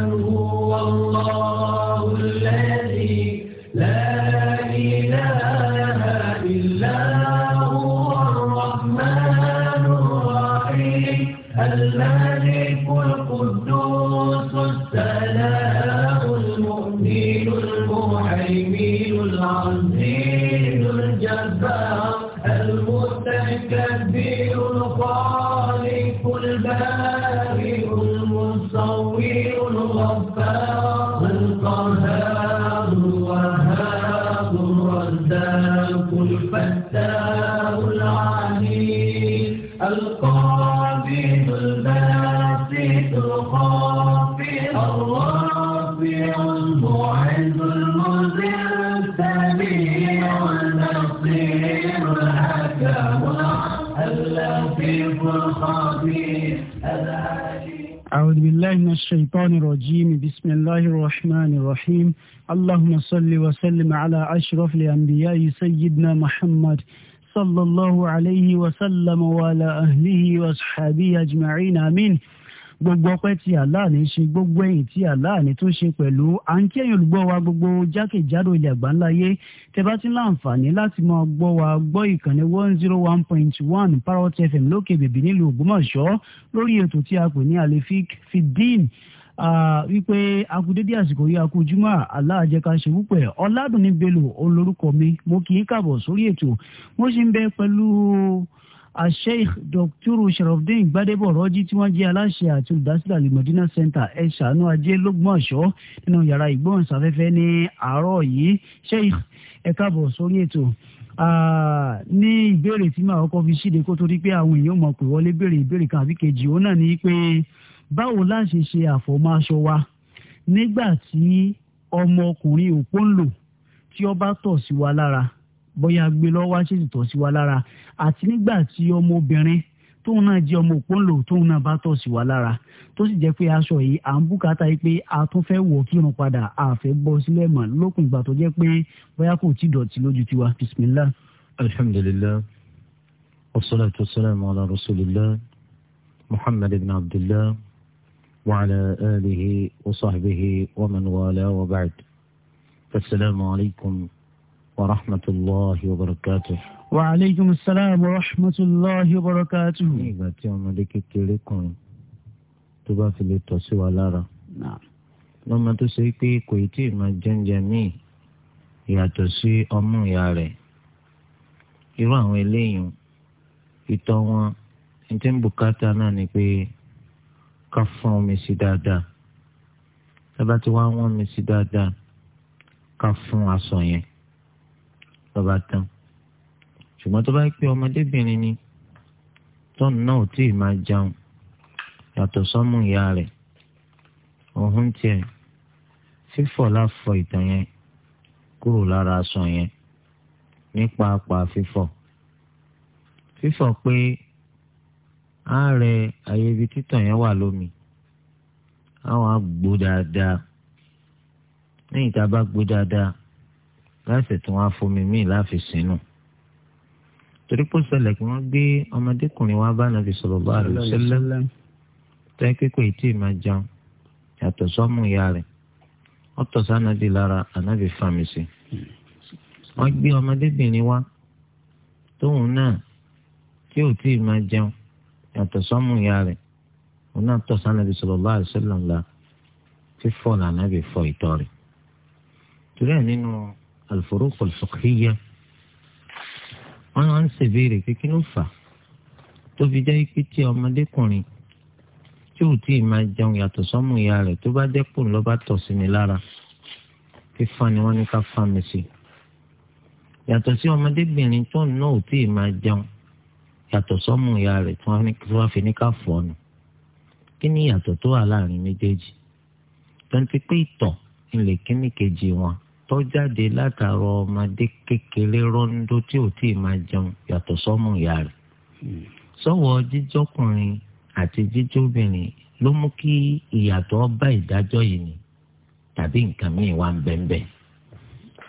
هو الله الذي لا إله إلا هو اللهم صل وسلم على أشرف الأنبياء سيدنا محمد صلى الله عليه وسلم وعلى أهله وصحبه أجمعين آمين gbogbo ọpẹ́ tí Allah ní ṣe gbogbo ẹ̀yìn tí Allah ní tó ṣe pẹ̀lú à ń kí ẹ̀yin olùgbọ́ wa gbogbo jákèjádò ilẹ̀ àgbáńláyé tẹ́bá ti láǹfààní láti máa gbọ́ wa gbọ́ ìkànnì one zero one point one parrot fm lókè bèbí nílùú Ògbómọ̀ṣọ́ lórí ètò tí a pè ní alefik fidin wípé akudédé àsìkò yìí akujúmọ́ aláàjẹká ṣe púpẹ̀ ọ̀làdùnní bello olórúkọ mi mo kì í kàbọ̀ sórí ètò mo sì ń bẹ pẹ̀lú asheikh dr sharafdin gbadebo rọjí tí wọ́n jẹ́ aláṣẹ àti olùdásílẹ̀ alimọdínà center ẹsànú ajé lọgbọnsọ nínú yàrá ìgbóhùnsáfẹ́fẹ́ ní àárọ̀ yìí sheikh ẹ kàbọ̀ sórí ètò ní ìbéèrè tí màá kọ́ fi ṣíde kó torí pé àwọn èèyàn mọ̀ pé wọlé béèrè ìbéèrè kan àbí kejì òun náà ní pé báwo la ṣe ṣe àfọ̀mọ́ aṣọ wa nígbà tí ọmọkùnrin òpó ń lò tí ó bá tọ̀ sí wa lára bóyá gbé lọ́wọ́ ṣe ti tọ̀ sí wa lára àti nígbà tí ọmọbìnrin tóun náà jẹ́ ọmọ òpó ń lò tóun náà bá tọ̀ sí wa lára tó sì jẹ́ pé aṣọ yìí à ń bùkátà yìí pé a tún fẹ́ wọ̀ kírun padà àfẹ́ bọ́ sílẹ̀ mọ́ lókun ìgbà tó jẹ́ pé bóyá kò tí dọ̀tí lójú tiwa bismillah. alhamdulillah wassalatu wassalamu ala rasulillah muhammad ibn abdullah. وعلى آله وصحبه ومن والاه وبعد فالسلام عليكم ورحمة الله وبركاته وعليكم السلام ورحمة الله وبركاته nígbà tí ọmọdé kékeré kan tó bá fi lè tọ́ sí wa lára lọ́mọ tó ṣe pé kò ì tí ì máa jẹ́ǹjẹ́ míì yàtọ̀ sí ọmú ìyá rẹ̀ irú àwọn eléyìí ìtọ́ wọn ẹni tí ń bùkátà náà ni pé ká fún omi sí dáadáa tábà tí wọ́n á wọ́n omi sí dáadáa ká fún aṣọ yẹn lọ́ba tán ṣùgbọ́n tó bá pé ọmọdébìnrin ni tọ́ọ̀nù náà ò tíì máa jẹun yàtọ̀ sọ́mù ìyá rẹ̀ òun tiẹ̀ fífọ̀ láfọ ìtàn yẹn kúrò lára aṣọ yẹn nípa apá fífọ̀ fífọ̀ pé á rẹ àyè ibi títàn yẹn wà lómi àwọn àgbò dáadáa lẹ́yìn tá a bá gbó dáadáa láìsẹ̀ tí wọ́n á fomi míì láfi sínú torí pé ṣẹlẹ̀ kí wọ́n gbé ọmọdékùnrin wa bá nàbì sallallahu alaihi wasallam tẹ́ kíkọ́ ètí máa jẹun yàtọ̀ sọ́mù ìyá rẹ̀ wọ́n tọ̀ sánàbì lára ànábì fàmì sí wọ́n gbé ọmọdébìnrin wa tóun náà tí ò tí ì máa jẹun yàtọ̀ sọ́mù ìyá rẹ̀ òun náà tọ̀ sànàbì sallallahu alaihi wasallam la fífọ́ nànàbì fọ ìtọ́ rẹ̀ torí ẹ̀ nínú al-furuq al-fiqhiyya wọn máa ń ṣèbéèrè pé kí ló fà tó fi jẹ́ pé tí ọmọdékùnrin tí ò tí ì máa jẹun yàtọ̀ sọ́mù ìyá rẹ̀ tó bá jẹ́ pòun lọ́ba tọ̀ sí mi lára fífọ́n ni wọ́n ní ká fà mí sí yàtọ̀ sí ọmọdébìnrin tó náà ò tí máa jẹun yàtọ̀ sọ́mù ìyá rẹ̀ tí wọ́n fi ní ká fọ́ nù kí ni yàtọ̀ tó wà láàrin méjèèjì tẹ́ntí pé ìtọ̀ ilẹ̀ kíní kejì wọn tó jáde látàrọ ọmọdé kékeré rọ́ńdó tí ò tí ì máa jẹun yàtọ̀ sọ́mù ìyá rẹ̀ sọ́wọ́ jíjọ́kùnrin àti jíjọ́bìnrin ló mú kí ìyàtọ̀ bá ìdájọ́ yìí ni tàbí nǹkan míì wá ń bẹ́ńbẹ́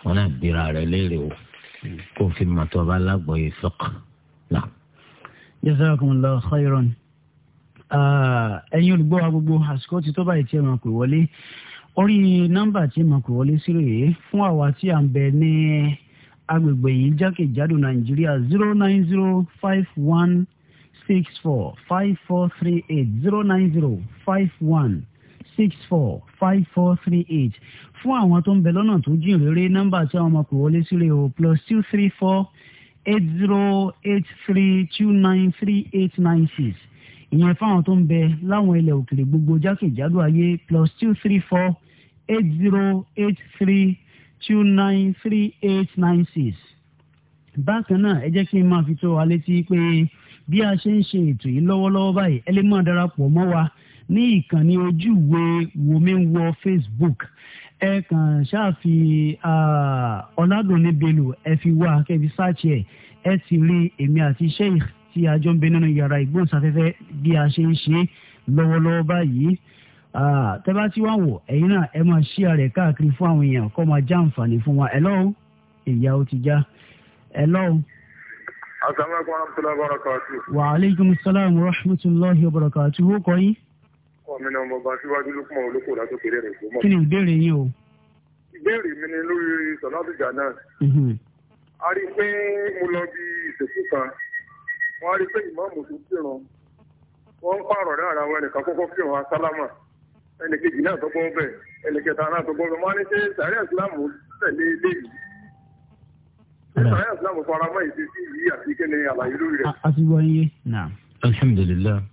wọn náà bira rẹ̀ léèrè o kó o fi mọ̀tọ́ bá lágbọ̀ọ́ fọ́kàn náà jazakumullahu khairan uh, ẹ̀yin olùgbọ́ wa gbogbo àsìkò tí tó báyìí tí ẹ máa pè wọlé orí nọ́mbà tí ẹ máa pè wọlé sí rèé fún àwa tí à ń bẹ ní agbègbè yìí jákèjádò nàìjíríà zero nine zero five one six four five four three eight zero nine zero five one six four five four three eight fún àwọn tó ń bẹ lọ́nà tó jìn réré nọ́mbà tí àwọn máa pè wọlé sí rèé o plus two three four. 8083293896. zero eight three two nine three eight nine six ìyẹn fáwọn tó ń bẹ láwọn ilẹ̀ òkèèrè gbogbo jákèjádò ayé plus 2348083293896. three four eight zero eight three two nine three eight nine six. bákan náà ẹ jẹ́ kí n máa fi tó wa létí pé bí a ṣe ń ṣe ètò yìí lọ́wọ́lọ́wọ́ báyìí ẹ lè máa darapọ̀ mọ́ wa ní ìkànnì ojú ìwé wòmíwọ́ Facebook ẹ kàn ṣáàfi ọ̀làdùnní bello ẹ fi wá kẹbi sáàchì ẹ ẹ sì rí èmi àti sheikh tí a jọ ń bẹ nínú yàrá ìgbóhùnsáfẹ́fẹ́ bí a ṣe ń ṣe lọ́wọ́lọ́wọ́ báyìí tẹ́bá tí wọ́n wò ẹ̀yin náà ẹ máa ṣí ààrẹ káàkiri fún àwọn èèyàn kó máa já àǹfààní fún wa ẹ̀lọ́ ìyá ó ti já ẹ̀lọ́. asalaamualeykum wa rahmatulahi wa barakatu. wa aleykum salaam wa rahmatulahi wa barakatu. ó kọ́ yín mi ni ọmọ ọba síwájú olóko látó kéré rẹ̀ tó mọ̀. kí ni ìbéèrè yín o. ìbéèrè mi ni lórí sọ̀nàbìjà náà. Mhm. a rí i pé mo lọ bí ìsìnkú kan wọ́n á rí i pé ìmáàmù tó kírun wọ́n ń pààrọ̀ ní ara wọn ẹnìkan kọ́kọ́ kírun asálámà ẹnìkejì náà tó gbọ́n bẹ̀ ẹnìkẹta náà tó gbọ́n bẹ̀ wọ́n á ní ṣe sàárẹ̀ ìsìlámù tẹ̀lé ilé yìí sàárẹ̀ ìsìlámù faramọ́ ìṣesí yìí àti kíni àlàyé lórí rẹ̀. a ti wáyé alhamdulilayi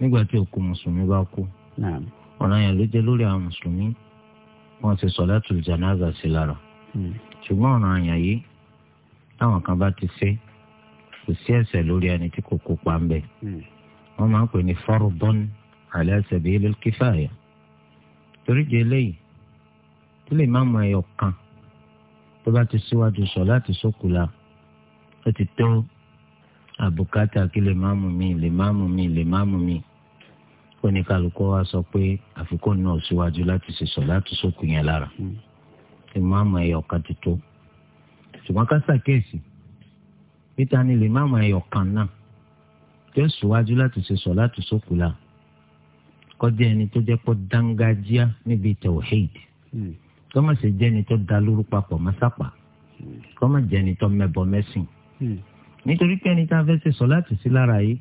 nígbà tí òkú mùsùlùmí bá kú ọ̀nà yẹn ló jẹ́ lórí àwọn mùsùlùmí wọ́n ti sọ̀látù jánásà sí lára hmm. ṣùgbọ́n ọ̀nà àyàn yìí táwọn kan bá ti ṣe kò sí ẹ̀ṣẹ̀ lórí ẹni tí kò kópa ń bẹ̀ hmm. wọ́n máa ń pè ní fardun ala sabilil kifaya torí jẹ́ eléyìí tó lè má mọ ẹyọ kan tó bá ti síwájú sọ̀látù sókùlà ó ti tó Abukata kí lè má mú mi lè má mú mi lè má mú mi oníkàlùkọ́ wa sọ pé àfikún náà síwájú láti ṣe sọ láti sókù yẹn lára hmm. ìmáàmù ẹ̀yọ̀ kan ti tó ṣùgbọ́n ká ṣàkíyèsí níta ni lè máàmù ẹ̀yọ̀ kan náà yóò síwájú láti ṣe sọ láti sókù la kọjá ẹni tó jẹ́ pọ́ dángájíá níbi tawhid hmm. kọ́mọ̀sẹ̀ jẹ́ni tó da lórúkọ papọ̀ mọ́sápà hmm. kọ́mọ̀ jẹ́ni tó mẹ́bọ mẹ́sìn nítorí pé ẹni tá a fẹ́ ṣe sọ láti sí lára yìí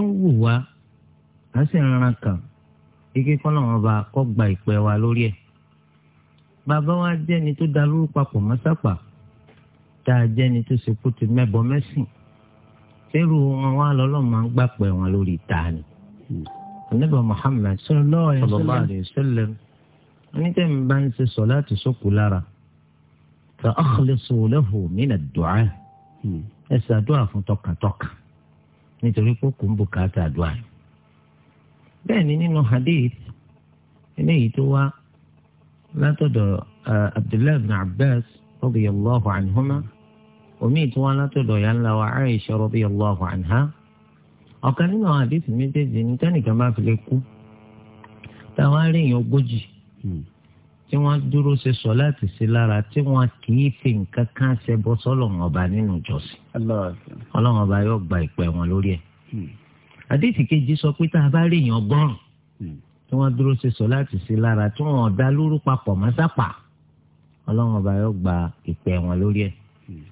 ń wù wá a sì ń ran kàn kíkẹ́ kọ́nà wọn bá kọ́ gba ìpẹ́ wa lórí ẹ̀ bàbá wa jẹ́ni tó da lóru papọ̀ mọ́sápà tá a jẹ́ni tó ṣe ti mẹ́bọ mẹ́sìn fẹ́rù wọn wá lọ́lọ́ máa ń gbà pẹ́ wọn lórí ìta ni. Ànábì Muhammad sallallahu alayhi wa sallam onítẹ̀mí bá ń ṣe sọ láti sókù lára fa akhlisu lahu min ad-du'a. Hmm. ẹ ṣàdúrà fún tọkàntọkàn nítorí pé kò ń bùkátà àdúrà yìí. nínú hadith eléyìí tó wá látọ̀dọ̀ eh, abdullahi abbas anhuma omi tó wá látọ̀dọ̀ ya anha ọ̀kan nínú hadith méjèèjì bá fi lè kú tí wọ́n dúró ṣe sọ láti ṣe lára tí wọ́n kì í fi nǹkan kan ṣe bọ́ sọ́lọ́run ọba nínú ìjọsìn ọlọ́run ọba yóò gba ìpẹ́ wọn lórí ẹ̀. àdéhìí hmm. kejì sọ pé tá a bá rí èèyàn ọgọ́rùn hmm. tí wọ́n dúró ṣe sọ láti ṣe lára tí wọ́n dá lóru papọ̀ mọ́ sápà ọba yóò gba ìpẹ́ wọn lórí ẹ̀. Hmm.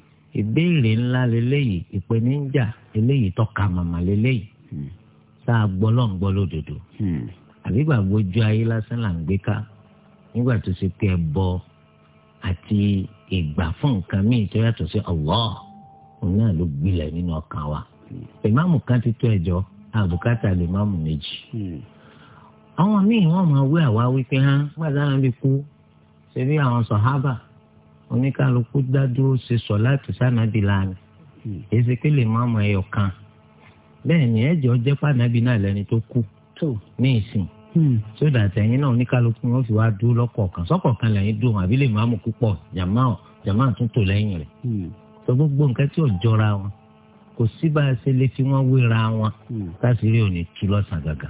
ìbéèrè ńlá leléyìí ìpèníjà eléyìí tọ́ka màmá leléyìí tá a gbọ́ lọ́ àbí gbàgbójú ayé lásán là ń gbé ká nígbà tó ṣe pé ẹbọ àti ìgbà fún nǹkan míì tó yàtọ̀ sí Allah òun náà ló gbilẹ̀ nínú ọkàn wa ìmáàmù kan ti tó ẹjọ́ àbùkátà lè máàmù méjì àwọn míì wọ́n máa wí àwa wípé hàn gbàdá náà bí kú ṣe bí àwọn sọhábà oníkálukú dádúró ṣe sọ láti sànàbí lánàá èsì pé lè máàmù ẹyọ kan bẹ́ẹ̀ ni ẹjọ́ jẹ́ fànàbí náà lẹ́ni tó kú ní ìsìn Hmm. sódà tẹ̀yìn náà oníkálukú wọn fi wá dúró lọ́kọ̀ọ̀kan sọ́kọ̀ọ̀kan lẹ́yìn dùn àbí lè máa mú púpọ̀ jàmá jàmá tún tò lẹ́yìn rẹ̀ hmm. sọ gbogbo nǹkan tí ò jọra wọn kò sí bá a ṣe lè fi wọn wéra wọn káṣírí hmm. ò ní tú lọ́sàn gàgà.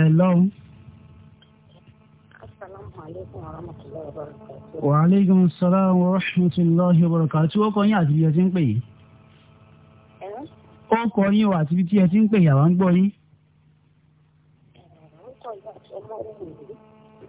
ẹ lọ́run. Wa alaikum salaam wa rahmatullahi wa barakatuh. Tí ó kọ́ yín àti bí ẹ ti ń pè yín. Ó kọ́ yín wà àti tí ẹ ti ń pè yàrá ń gbọ́ yín.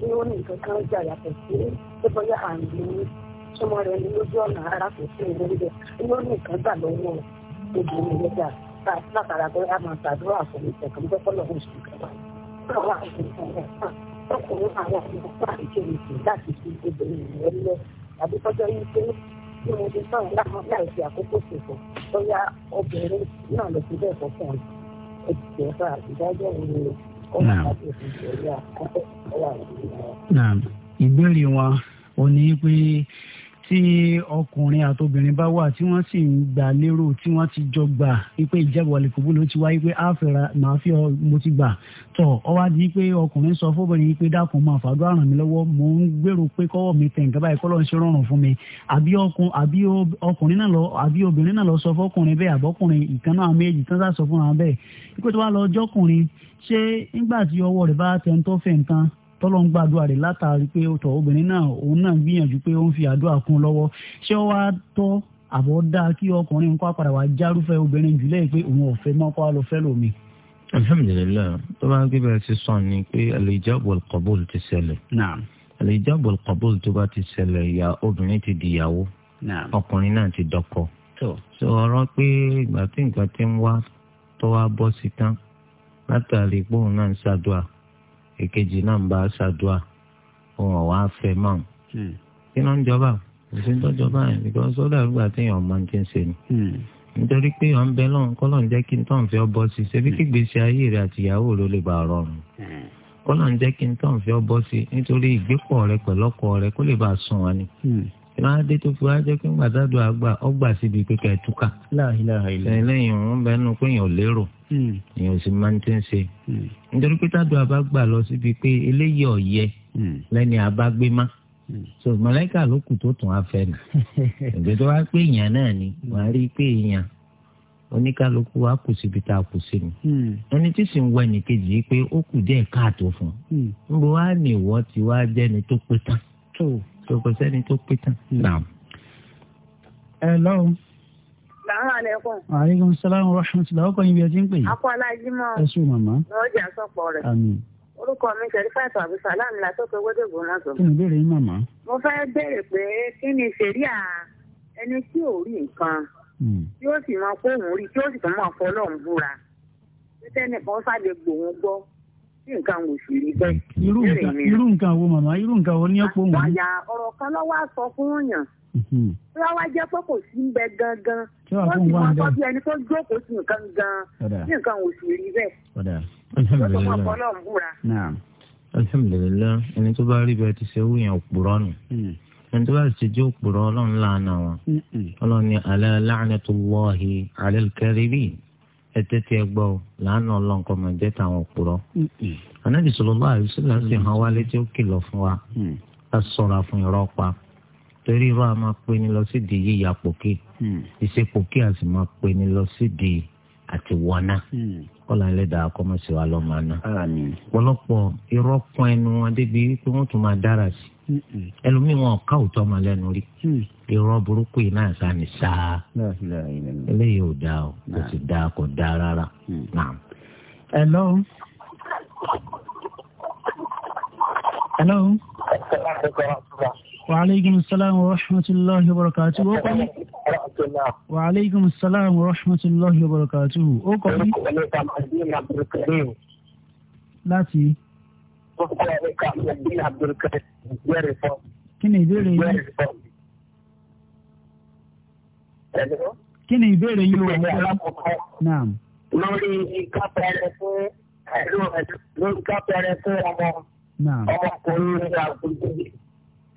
tí ó ní nǹkan kan jà yàtọ̀ sí pé bóyá àrùn ní súnmọ́ rẹ ní lójú ọ̀nà ara kò sí ìlú rẹ ni ó ní nǹkan gbà lọ́wọ́ obìnrin rẹ gbà látara pé a máa tàdúrà fún ìtẹ̀kùn tó kọ́lọ̀ oṣù kẹfà lọ́wọ́ àwọn ìtẹ̀kùn rẹ̀ ọkùnrin àwọn ọkùnrin fún àìkéyìí láti fi obìnrin rẹ lẹ àbí tọ́jọ́ yìí pé tí mo ti sọ̀rọ̀ láwọn láì fi àkókò ṣètò bóyá obìnrin náà lè fi bẹ́ẹ̀ fọ́ fún ọ ìbéèrè wọn ò ní pé tí ọkùnrin àtobìnrin bá wà tí wọ́n sì ń gbà lérò tí wọ́n ti jọ gbà wípé ìjẹ́bù àlèkùnbù ló ti wáyé pé àfẹ́ra màá fi ọ mo ti gbà tọ̀ ọ wá di pé ọkùnrin sọ fóbìnrin yìí pé dákun máa fàdúrà ràn mí lọ́wọ́ mò ń gbèrò pé kọ́wọ́ mi tẹ̀ nǹkan báyìí kọ́lọ́ ń ṣe rọrùn fún mi àbí ọkùnrin náà lọ àbí obìnrin náà lọ sọ fọkùnrin bẹ́ẹ̀ àbọ́kùnrin ìkan náà méjì tán sá sọ fún wọn bẹ́ẹ̀ ikú tó wá lọ jọ́kùnrin ṣé nígbà tọ́lọ́ ń gbàdúrà rẹ̀ látàrí pé ó tọ̀ obìnrin náà òun náà gbìyànjú pé ó ń fi àdúrà kún lọ́wọ́ ṣé ó wá tọ́ àbọ̀ dáa kí ọkùnrin kó padà wá járúfẹ́ obìnrin jùlẹ̀ pé òun ò fẹ́ mọ́ kó wá lọ fẹ́ lómi. alhamdulilayi tó bá ń gbé bẹ́ẹ̀ sí sàn ni pé alijab alqabul ti ṣẹlẹ̀ alijab alqabul tó bá ti ṣẹlẹ̀ ìyá obìnrin ti di ìyàwó ọkùnrin náà ti dọ́kọ. sọ ọ̀rọ̀ pé ìgbà tí nǹkan ti ń wá tó wá bọ́ sí tán látàrí pé òun náà ń ṣàdúrà èkejì náà ń bá a ṣàdúrà òun ọ̀wá fẹ́ mọ́ ọ́n hmm. kí ló ń jọba òsín tó jọba yẹn nìkan sódà nígbà téèyàn ọmọ ti ń ṣe ni hmm. nítorí pé ọ̀n bẹ lọ́n kọ́ lọ́n jẹ́ kí n tọ́n fẹ́ bọ́ sí ṣebí kí hmm. gbèsè ayé rẹ̀ àti ìyàwó rẹ̀ lè bá rọrùn kọ́ lọ́n jẹ́ kí n tọ́n fẹ́ bọ́ sí nítorí ìgbépọ̀ rẹ̀ pẹ̀lọ́kọ rẹ̀ kó lè bá a sùn wá ni ìwà dé tó fi wá jẹ́ pé gbàdádù àgbà ọgbà síbi pé ká lẹ́yìn òun bẹ́ẹ̀ nu pé èèyàn lérò hmm. èèyàn sì máa ń tẹ́ ń ṣe. Hmm. nítorí pé lọ hmm. so mọ̀lẹ́kà ló kù tó tún nù. tó wá pé èèyàn náà ni wàá rí i pé èèyàn oníkálukú wa kù síbi tá a kù sí ni. ẹni tí sì ń pé ó kù tó kò sẹ́ni tó pé tán. ẹ lọ́wọ́. Salaamaleykum. Aleykum salaam wa rahmatulah. Ọkọ yín bí ẹ ti ń pè. Akọ Alájímọ̀. Ẹ sùn màmá. Lọ́jà sọ̀pọ̀ rẹ̀. Àmín. Orúkọ mi Ṣẹ̀rífàtọ̀ Àbúsàlámì la tó pe wédè gbòmọ̀tò. Kí ni ìbéèrè yín màmá? Mo fẹ́ béèrè pé kí ni ṣẹ̀ríà ẹni tí ò rí nǹkan hmm. tí ó sì mọ pé òun rí tí ó sì tún mọ̀ fọlọ́run búra. Tẹ́tẹ́ nìkan sáde gbòun gbọ́ nǹkan oṣù yìí bẹ́ẹ̀. irú nǹkan wo màmá irú nǹkan wo ní ọ̀pọ̀ òun. àyà ọ̀rọ̀ kan lọ́wọ́ sọ fún yàn. Mhm. tí wọ́n wá jẹ́ pé kò sí ń bẹ gangan. wọ́n sì máa sọ bí ẹni tó jókòó sí nǹkan gan-an ní nǹkan oṣù yìí bẹ́ẹ̀. alhamdulilayi ẹni tó bá rí bẹ́ẹ̀ ti ṣe wú yẹn òpùrọ́ nù mm. ẹni tó bá ti jẹ́ òpùrọ́ ọlọ́run láàánú wọn ọlọ́run ni alẹ́ láàánú tó wọ́ọ̀hì alẹ́ kẹrìbì ẹtẹtẹ ẹgbọ o làánà ọlọ́nkọ máa jẹ́ tàwọn òpùrọ́. ànábì sallallahu alaihi wasallam sì hàn wá létí ó kìlọ̀ fún wa ká mm. sọ̀ra fún irọ́ pa torí irọ́ a máa pè ní lọ sí di pòkè ìṣe pòkè a máa pè ní lọ sí àti wọná hmm. kọlá ẹlẹ́dàá kọmọsí wa lọ máa ná. pọ̀lọpọ̀ irọ́ pọn ẹnu wọn débi pé wọ́n tún máa dára sí hmm. ẹlòmíì wọn ká òótọ́ máa lẹ́nu rí hmm. irọ́ burúkú yìí náà sani sáá eléyìí ò dáa o kò sì dáa kò dáa rárá. hello. hello. Wa alaikum salam wa rahmatullahi wa barakatuhu. Ó kọ́ mi. Wa alaikum salam wa rahmatullahi wa barakatuhu. Ó kọ́ mi. Láti. Kí ni ìbéèrè yín? Kí ni ìbéèrè yín o? Naam. Lórí ìkápẹ́rẹ́ fún ẹ̀rọ ẹ̀dùn lórí ìkápẹ́rẹ́ fún ọmọ ọmọkùnrin àgbègbè.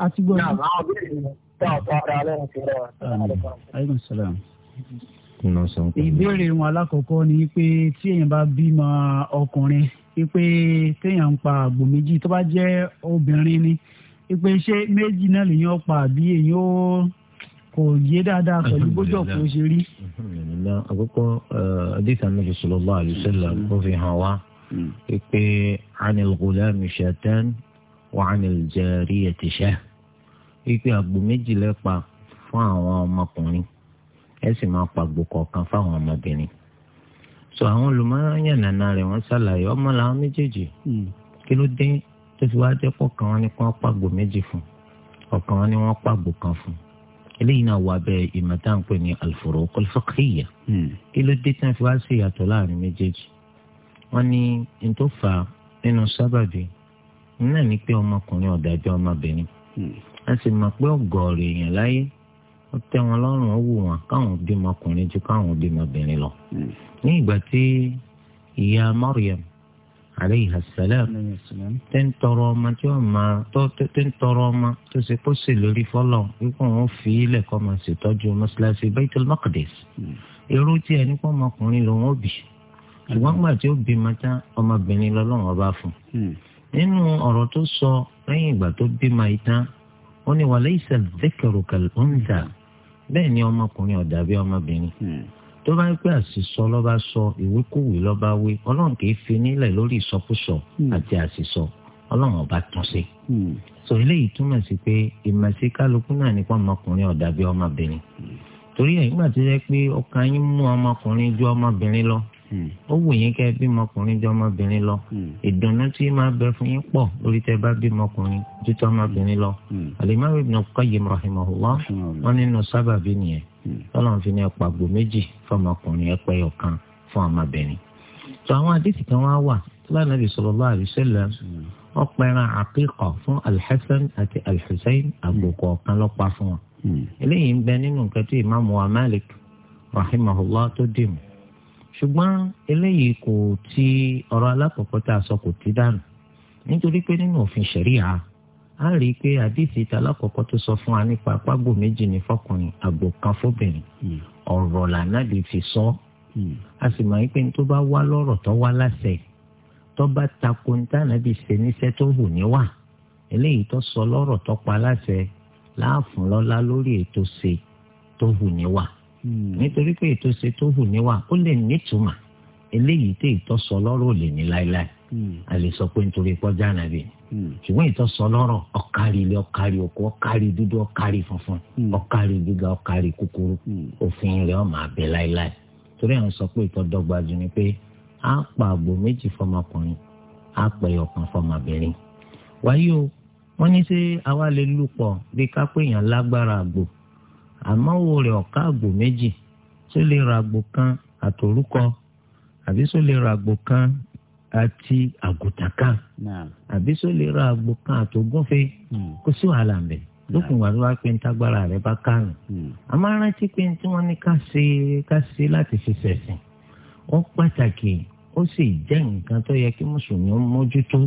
àti gbọ́dọ̀. náà àwọn bí ìgbà tó ara lẹ́nu ti rẹ̀ wá. ìbéèrè wọn alákọ̀ọ́kọ́ ni pé tí èèyàn bá bímọ ọkùnrin pé téèyàn ń pa àgbò méjì tó bá jẹ́ obìnrin ni pé ṣé méjì náà lèyàn pa àbí èyàn ó kò yé dáadáa pẹ̀lú bójú ọ̀pọ̀ ṣe àkọ́kọ́ uh, adéta nàbì sallallahu alaihi wasallam kó fi hàn wá hmm. pé anil ghulami shatan wa 'anil jariyati shah wípé àgbò méjì lẹ́pa fún àwọn ọmọkùnrin ẹ sì máa pàgbò kọ̀ọ̀kan fáwọn ọmọbìnrin sọ àwọn olùmọ̀ràn nàná rẹ̀ wọ́n ṣàlàyé ọmọ làwọn méjèèjì hmm. kí ló dé tó ti wá jẹ́ pọ̀ kan wọn ni kí wọ́n pàgbò méjì fún ọ̀kan wọn ni wọ́n pàgbò kan fún eléyìí náà wà bẹ́ẹ̀ ìmọ̀tàǹpẹ̀ ní al-furuq hmm. kí ló dé tí wọ́n fi wá sí ìyàtọ̀ láàrin méjèèjì wọ́n ní n tó fà nínú sábàbí náà ni pé ọmọkùnrin ọ̀dájọ́ ọmọbìnrin hmm. a sì mọ̀ pé ọ̀gọ̀ọ̀rọ̀ èèyàn láyé ó tẹ́ wọn lọ́rùn ó wù wọn káwọn bímọkùnrin ju káwọn bímọbìnrin lọ. Hmm. ní ìgbà tí ìyá Maryam aleyhi salam tẹ́ ń tọrọ ọmọ tí wọ́n máa tẹ́ ń tọrọ ọmọ tó ṣe kó sì lórí fọ́lọ̀ wípé wọ́n fi ilẹ̀ kọ́ máa ṣètọ́jú mọ́ṣáláṣí Baitul Maqdis èrò hmm. tí ẹni pọ́ ọmọkùnrin lòun ó bì ṣùgbọ́n gbà tí ó bímọ tán ọmọbìnrin lọ́lọ́run ọba fún un nínú ọ̀rọ̀ tó sọ lẹ́yìn ìgbà tó bímọ ìtàn ó ní wàlẹ́ ìsẹ̀lẹ̀dẹ́kẹ̀rù kàlùńdà bẹ́ẹ̀ ni ọmọkùnrin ọ̀dà bí ọmọbìnrin hmm. tó bá ń pè àṣìsọ lọ́ba sọ ìwékúwé lọ́ba wé ọlọ́run kì í fi nílẹ̀ lórí ìsọkúsọ hmm. àti àṣìsọ ọlọ́run ọba tún sí. Hmm. sọ eléyìí túmọ̀ sí pé ìmọ̀sí kálukú náà nípa ọmọkùnrin ọ̀dà bí ọmọbìnrin torí ẹ̀ nígbà tó yẹ pé ọkàn yín mú ọmọkùnrin ju ọmọbìnrin lọ Hmm. ó wù yín kẹ́ bímọkùnrin jọ ọmọbìnrin lọ hmm. ìdùnnú tí máa bẹ fún yín pọ̀ lórí tẹ́ bá bímọkùnrin ju tọ́ ọmọbìnrin lọ hmm. alimami ibn qayyim rahimahullah wọn nínú sábàbí nìyẹn tọ́lọ́n fi ní ẹ̀pà gbò méjì fọmọkùnrin ẹ̀pẹ́ ọ̀kan fún ọmọbìnrin tó àwọn àdìsí kan wá wà lánàbì sallallahu alaihi wasallam wọn pẹran àkíkọ fún alḥasan àti alḥusain àgbòkọ ọ̀kan lọ́pàá fún wọn eléyìí ń bẹ nínú nǹkan tí ìmáàmù wa malik rahimahullah tó dì mú ṣùgbọ́n eléyìí kò ti ọ̀rọ̀ alákọ̀ọ́kọ́ tá a sọ kò ti dànù nítorí pé nínú òfin ṣẹ̀ríà a rí i pé àdìsí ìta alákọ̀ọ́kọ́ tó sọ fún wa nípa apágbò méjì ní fọkùnrin àgbò kan fóbìnrin hmm. ọ̀rọ̀ làná lè fi sọ hmm. a sì mọ̀ pé tó bá wá lọ́rọ̀ tó wá láṣẹ tó bá tako nítànà bí ṣe níṣẹ́ tó hù níwà eléyìí tó sọ lọ́rọ̀ tó pa láṣẹ láàfún lórí ètò ṣe tó hù níwà. Hmm. nítorí pé ètò ṣe tó hù níwà ó lè nítumà eléyìí tẹ ìtọ́sọ lọ́rọ̀ ò lè ní láéláé hmm. a lè sọ pé nítorí pọ́jà nàbì hmm. ṣùgbọ́n ìtọ́sọ lọ́rọ̀ ọ̀kárí ilé ọ̀kárí oko ọ̀kárí dúdú ọ̀kárí funfun ọ̀kárí gíga ọ̀kárí kúkúrú òfin rẹ̀ ọ̀ máa bẹ láéláé torí àwọn sọ pé ìtọ́dọ́gba jù ni pé á pa àgbò méjì fọmọkùnrin á pẹ̀ ọ̀kan fọmọbìnrin wáyé o wọ́n ní ṣé àwa lè lù pọ̀ bí ká pé èèyàn lágbára àgbò àmọ́ wo rẹ̀ ọ̀ká àgbò méjì tó lè ra àgbò kan àtòrúkọ àbí tó lè ra àgbò kan àti àgùntàn kan àbí tó lè ra àgbò kan àtògúnfe hmm. kó sí wàhálà ń bẹ lókun wà ló wá pé ntágbára rẹ̀ bá kánù àmọ́ hmm. arántí pé tí wọ́n ní ká ṣe ká ṣe láti fi ṣẹ̀sìn wọ́n pàtàkì ó sì jẹ́ nǹkan tó yẹ kí mùsùlùmí ó mójútó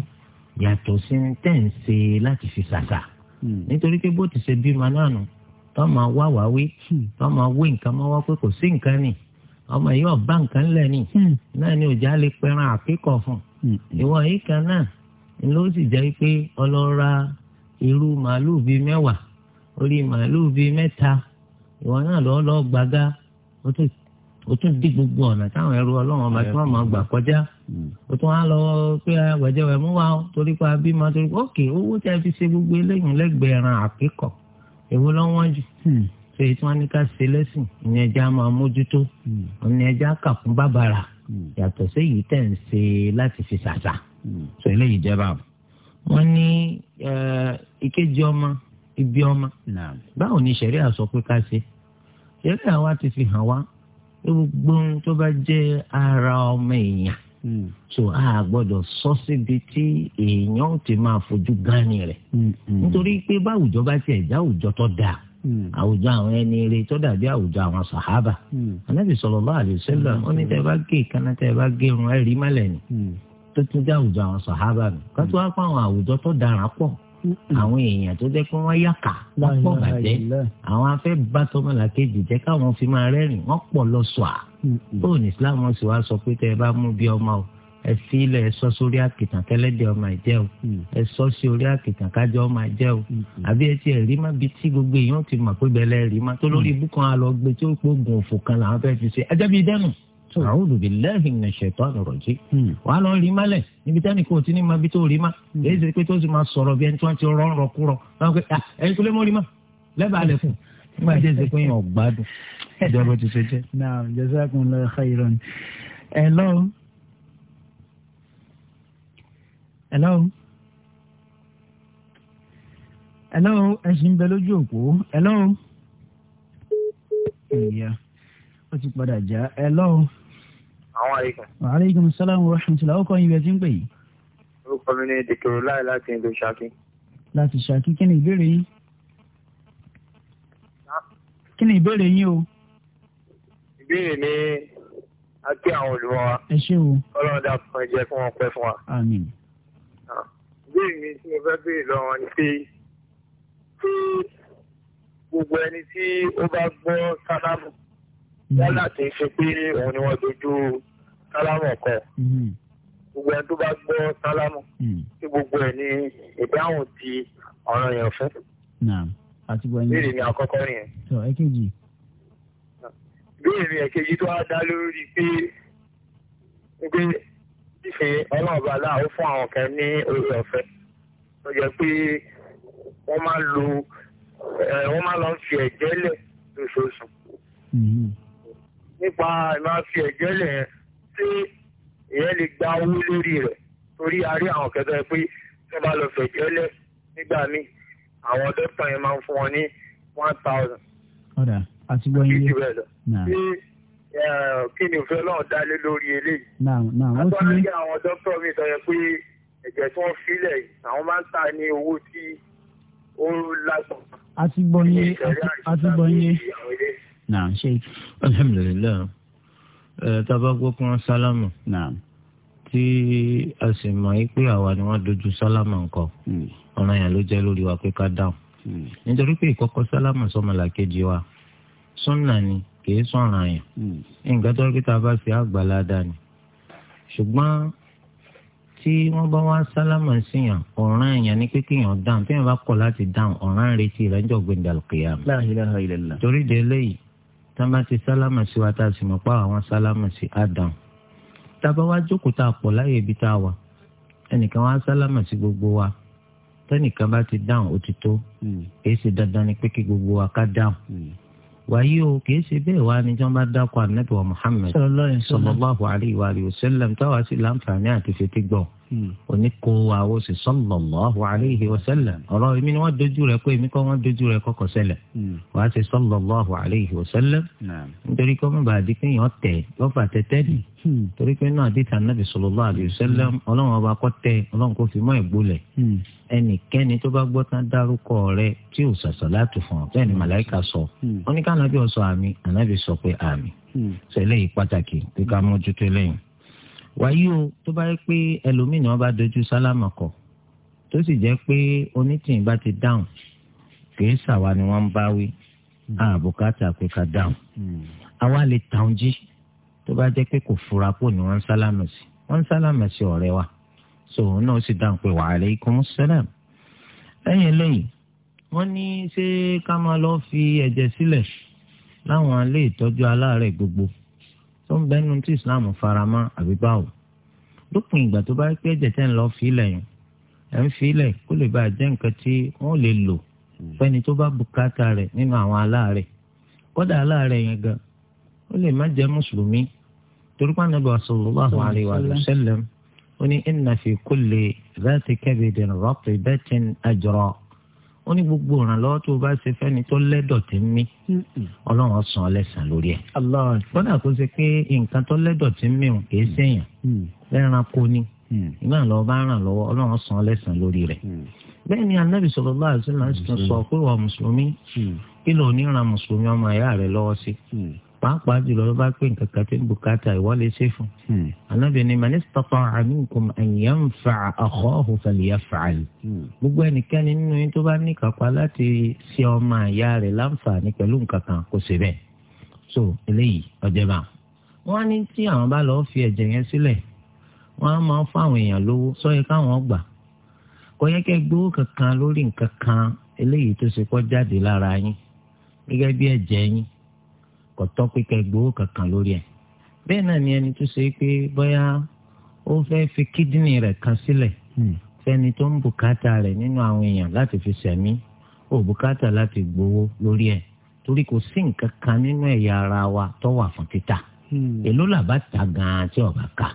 yàtọ̀ sí tẹ̀ ń ṣe láti fi ṣàṣà hmm. nítorí pé bó ti ṣe bímọ náà nù tó máa wá wá wí tó hmm. máa wí nǹkan máa wá pé kò sí nǹkan nì ọmọ yìí ọba nǹkan lẹ̀ nì hmm. náà ni òjá lè pẹran àkíkọ̀ fún hmm. ìwọ yìí kan náà ló sì jẹ́ pé ọlọ́ra irú màálùú bíi mẹ́wàá orí màálùú bíi mẹ́ta ìwọ náà lọ́ lọ́ gbàgá ó tún dí gbogbo ọ̀nà táwọn ẹrú ọlọ́run ọba tí wọ́n máa gbà kọjá ó tún á lọ pé àgbàjẹ́wẹ̀ mú wa torí pa bímọ torí pa owó tí a fi ṣe gbogbo eléyìí lẹ́gbẹ̀ẹ́ ẹran àkíkọ̀ èwo lọ́wọ́n jù ṣèyí hmm. tí wọ́n ní ká ṣe lẹ́sìn ìyẹn ẹja máa mójútó ìyẹn hmm. ẹja kà fún bàbàrà hmm. yàtọ̀ séyìí tẹ̀ ń ṣe láti fi ṣàṣà sọ eléyìí jẹba wọ́n ní ìkejì ọmọ ibi ọmọ báwo ni ṣẹ̀ríà sọ pé ká ṣe ṣẹ̀ríà wa ti fi hàn wá gbogbo ohun tó bá jẹ́ ara ọmọ èèyàn Mm. so a gbọdọ sọ síbi tí èèyàn ti máa fojú gánni rẹ̀ mm, mm. nítorí pé báwùjọ bá tiẹ̀ já àwùjọ tó dáa àwùjọ àwọn ẹni eré tó dàbí àwùjọ àwọn sàhábà anábì sallallahu alaihi wasallam ó ní tẹ́ bá gé ìkànnà tẹ́ bá gé irun ẹ̀rí mọ́lẹ̀ ni tó tún jẹ́ àwùjọ àwọn sàhábà kátó wá pa àwọn àwùjọ tó Mm. àwọn èèyàn tó jẹ́ pé wọ́n yàkà wọ́n pọ̀ bàjẹ́ àwọn afẹ́ bá tọmọlà kejì jẹ́ káwọn fi máa rẹ́rìn wọ́n pọ̀ lọ sọ à bóun ní islam wọn sì wá sọ pé tẹ ẹ bá mú bí ọmọ o ẹ fi ilẹ̀ ẹ sọ sórí àkìtàn kẹlẹ́dẹ̀ ọmọ ìjẹ́ o mm. ẹ sọ sí orí àkìtàn kájọ ọmọ ìjẹ́ o àbí ẹ ti ẹ̀rí má bi tí gbogbo èèyàn ti mọ̀ pé bẹ́ẹ̀ lẹ́ẹ̀rí má tó lórí mm. ibùkún alọ́gbé tí ó gbógun òfò kan làwọn fẹ́ fi ṣe ẹjẹ́ a'udhu hmm. billahi minash shaitani rajim hmm. wàá lọ rí mọ́lẹ̀ níbi tẹ́ni kò tí ní ma bí tó rí ma hmm. èyí ṣe pé tó sì máa sọ̀rọ̀ bí ẹni tí wọ́n ti rọ́ rọ́ kúrọ̀ ah, ẹni tó lé mọ́ rí ma lẹ́bàá lẹ̀ fún nígbà tí èsì pé yàn gbádùn ìjọba ti ṣe jẹ́. náà jazakumullahu khairan hello hello hello ẹ̀sìn bẹ lójú òpó hello ìyá ó ti padà já hello. hello? àwọn àríkùn. aleykum salaam wa rahmatulah ọkọ yín bẹ ti ń pè yìí. orúkọ mi ni dèkèrò láì láti ìlú ṣákí. láti ṣákí kí ni ìbéèrè yín. kí ni ìbéèrè yín o. ìbéèrè ni a kí àwọn olùwọ́ wa. ẹ ṣé o. ọlọ́run fún ẹ jẹ́ fún wọn pẹ́ fún wa. àmín. ìbéèrè mi tí mo fẹ́ béèrè lọ́wọ́ ni pé gbogbo ẹni tí ó bá gbọ́ sálámù yálà tí ṣe pé òun ni wọ́n dojú sálámù kọ mm-hmm. gbogbo ẹni tó bá gbọ́ sálámù tí mm-hmm. gbogbo ẹ̀ ní ìdáhùn ti ọ̀ràn yẹn fún. béèrè ni àkọ́kọ́ yẹn. béèrè ẹ̀kejì tó wá dá lórí pé pé ṣíṣe ọlọ́ọ̀bá aláwọ̀ fún àwọn kan ní orí ọ̀fẹ́ tó jẹ́ pé wọ́n máa lo wọ́n máa lọ fi ẹ̀jẹ̀ lẹ̀ lóṣooṣù. Mm-hmm nípa máa fi ẹ̀jẹ̀ lẹ̀ ẹ́ ṣé ìyẹn lè gba owó lórí rẹ̀ torí a rí àwọn kẹta pé tó bá lọ fẹ̀jẹ̀ lẹ̀ nígbà míì àwọn dókítà yẹn máa ń fún wọn ní one thousand. ọ̀dà àti wọ́n yé ṣé kí ni òfin ọlọ́run dálé lórí eléyìí. àtọ́lá yẹ àwọn dókítà mi sọ yẹn pé ẹ̀jẹ̀ tí wọ́n filẹ̀ àwọn máa ń ta ní owó tí ó lágbọ̀n. a gbọ́ yé a gbọ́ yé naam ṣe. alhamdulilayi tàbá gbọ́ kí wọ́n sálámù. naam. tí a sì mọ̀ yí pé àwa ni wọ́n dojú sálámù nǹkan hmm. ọ̀ràn yẹn ló jẹ́ lórí wa pé ká dáhùn. Hmm. nítorí pé ìkọ́kọ́ sálámù sọmọlàkejì wa súnà ni kì í sọ̀ràn yẹn. nǹkan hmm. tó kí tá a bá fi àgbàládà ni. ṣùgbọ́n tí wọ́n bá wá sálámù síyàn ọ̀ràn èèyàn ní kékeré yàn dáhùn tí wọ́n bá kọ̀ láti dáhùn ọ̀ràn retí rẹ̀ ń jọ gbẹ̀ndàlùkìyà. láàyè láàyè lẹ́la. torí de eléyìí tán bá ti sálámà sí wa tá a sì mọ̀ pa àwọn sálámà sí adam tábà wá jókòó tá a pọ̀ láyè ibi tá a wà ẹnìkan wá sálámà sí gbogbo wa tẹnìkan bá ti dáhùn ó ti tó hmm. kìí ṣe dandan ni pé kí gbogbo wa ká dáhùn hmm. wàyí o kìí ṣe bẹ́ẹ̀ wá ní jọ́n bá dákọ̀ ànábì wa Muhammad sallallahu alayhi wa sallam táwa sí láǹfààní àti fetí gbọ́ oníkó àwọn sì sallallahu alayhi wa sallam ọ̀rọ̀ èmi ni wọ́n dojú rẹ̀ pé èmi kọ́ wọ́n dojú rẹ̀ kọ́kọ́ ṣẹlẹ̀ wà á sì sallallahu alayhi wa sallam nítorí kọ́ mọ̀bà àdìpín yàn tẹ̀ lọ́fà tẹ́tẹ́ nì torí pé náà dìtà nàbì sallallahu alayhi wa sallam ọlọ́run ọba kọ́ tẹ ọlọ́run kò fi mọ́ ìgbólẹ̀ hmm. ẹnikẹ́ni tó bá gbọ́ tán dárúkọ rẹ̀ tí ò sàṣàlátù fún ọ bẹ́ẹ̀ ni màláìka sọ oníkànnàbí hmm. ọ̀sọ̀ àmì ànábì sọ pé àmì hmm. sẹ́lẹ̀ yìí pàtàkì pé ká mójútó wàyí o tó bá yẹ pé ẹlòmíì ni wọ́n bá dojú sálámà kọ tó sì jẹ́ pé onítìyìn bá ti dáhùn kì í ṣàwa ni wọ́n ń bá wí àbùkátà hmm. pé ká dáhùn hmm. àwa lè tàn jí tó bá jẹ́ pé kò fura pò ní wọ́n ń sálámà sí wọ́n ń sálámà sí ọ̀rẹ́ wa sòun náà sì dáhùn pé wa alaikum salam lẹ́yìn eléyìí wọ́n ní ṣé ká máa lọ fi ẹ̀jẹ̀ sílẹ̀ láwọn ilé ìtọ́jú aláàárẹ̀ gbogbo tó ń bẹ́nu tí islam faramọ́ àbí báwo lópin ìgbà tó bá pé ẹ̀jẹ̀ tẹ́ ń lọ fílẹ̀ yẹn ẹ̀ ń fílẹ̀ kó lè bá jẹ́ nǹkan tí wọ́n lè lò fẹ́ni tó bá bùkátà rẹ̀ nínú àwọn aláàárẹ̀ kódà aláàárẹ̀ yẹn gan ó lè má jẹ́ mùsùlùmí torí pé Ànábì sallallahu alaihi wa sallam ó ní inna fi kulli dhati kabidin ratibatin ajra ó ní gbogbo ìrànlọ́wọ́ tó o bá ṣe fẹ́ni tó lẹ́dọ̀ tí ń mí ọlọ́run san ọ lẹ́sàn lórí ẹ̀. kọ́dà kó ṣe pé nǹkan tó lẹ́dọ̀ tí ń mí òun kì í ṣèyàn lẹ́ranko mm. ni mm. ìgbà lọ bá ràn lọ́wọ́ ọlọ́run san ọ lẹ́sàn lórí rẹ̀. Mm. bẹ́ẹ̀ ni anábì sọ̀rọ̀ bá àṣìlá sọ pé wà mùsùlùmí kí ló ní ran mùsùlùmí ọmọ ẹ̀yà rẹ̀ lọ́wọ́ sí pàápàá jùlọ ló bá pè nǹkan kan tó ń bùkátà ìwọlé ṣe fún. anábìnrin hmm. man istata'a minkum an yanfa'a akhahu falyaf'al. Hmm. gbogbo ẹnikẹ́ni nínú yín tó bá ní kápá láti ṣe ọmọ àyá rẹ̀ láǹfààní pẹ̀lú nǹkan kan kò ṣe bẹ́ẹ̀. so eléyìí ọjọ́ bá. wọ́n ní tí àwọn bá lọ́ọ́ fi ẹ̀jẹ̀ yẹn sílẹ̀ wọ́n á máa fún èèyàn lówó sọ káwọn gbà. kò yẹ kankan lórí nǹkan kan eléyìí tó ṣe kọ́ jáde lára yín gẹ́gẹ́ bí ẹ̀jẹ̀ yín kò tọ́ pé kẹ́ gbowó kankan lórí ẹ̀ bẹ́ẹ̀ náà ni ẹni tó ṣe pé bóyá ó fẹ́ fi kídìnì rẹ̀ kan sílẹ̀ hmm. fẹ́ni tó ń bùkátà rẹ̀ nínú àwọn èèyàn láti fi sẹ̀mí ó bùkátà láti gbowó lórí ẹ̀ torí kò sí nǹkan kan nínú ẹ̀yà ara wa tó wà fún títà hmm. èló làbá ta gan-an tí ọba ká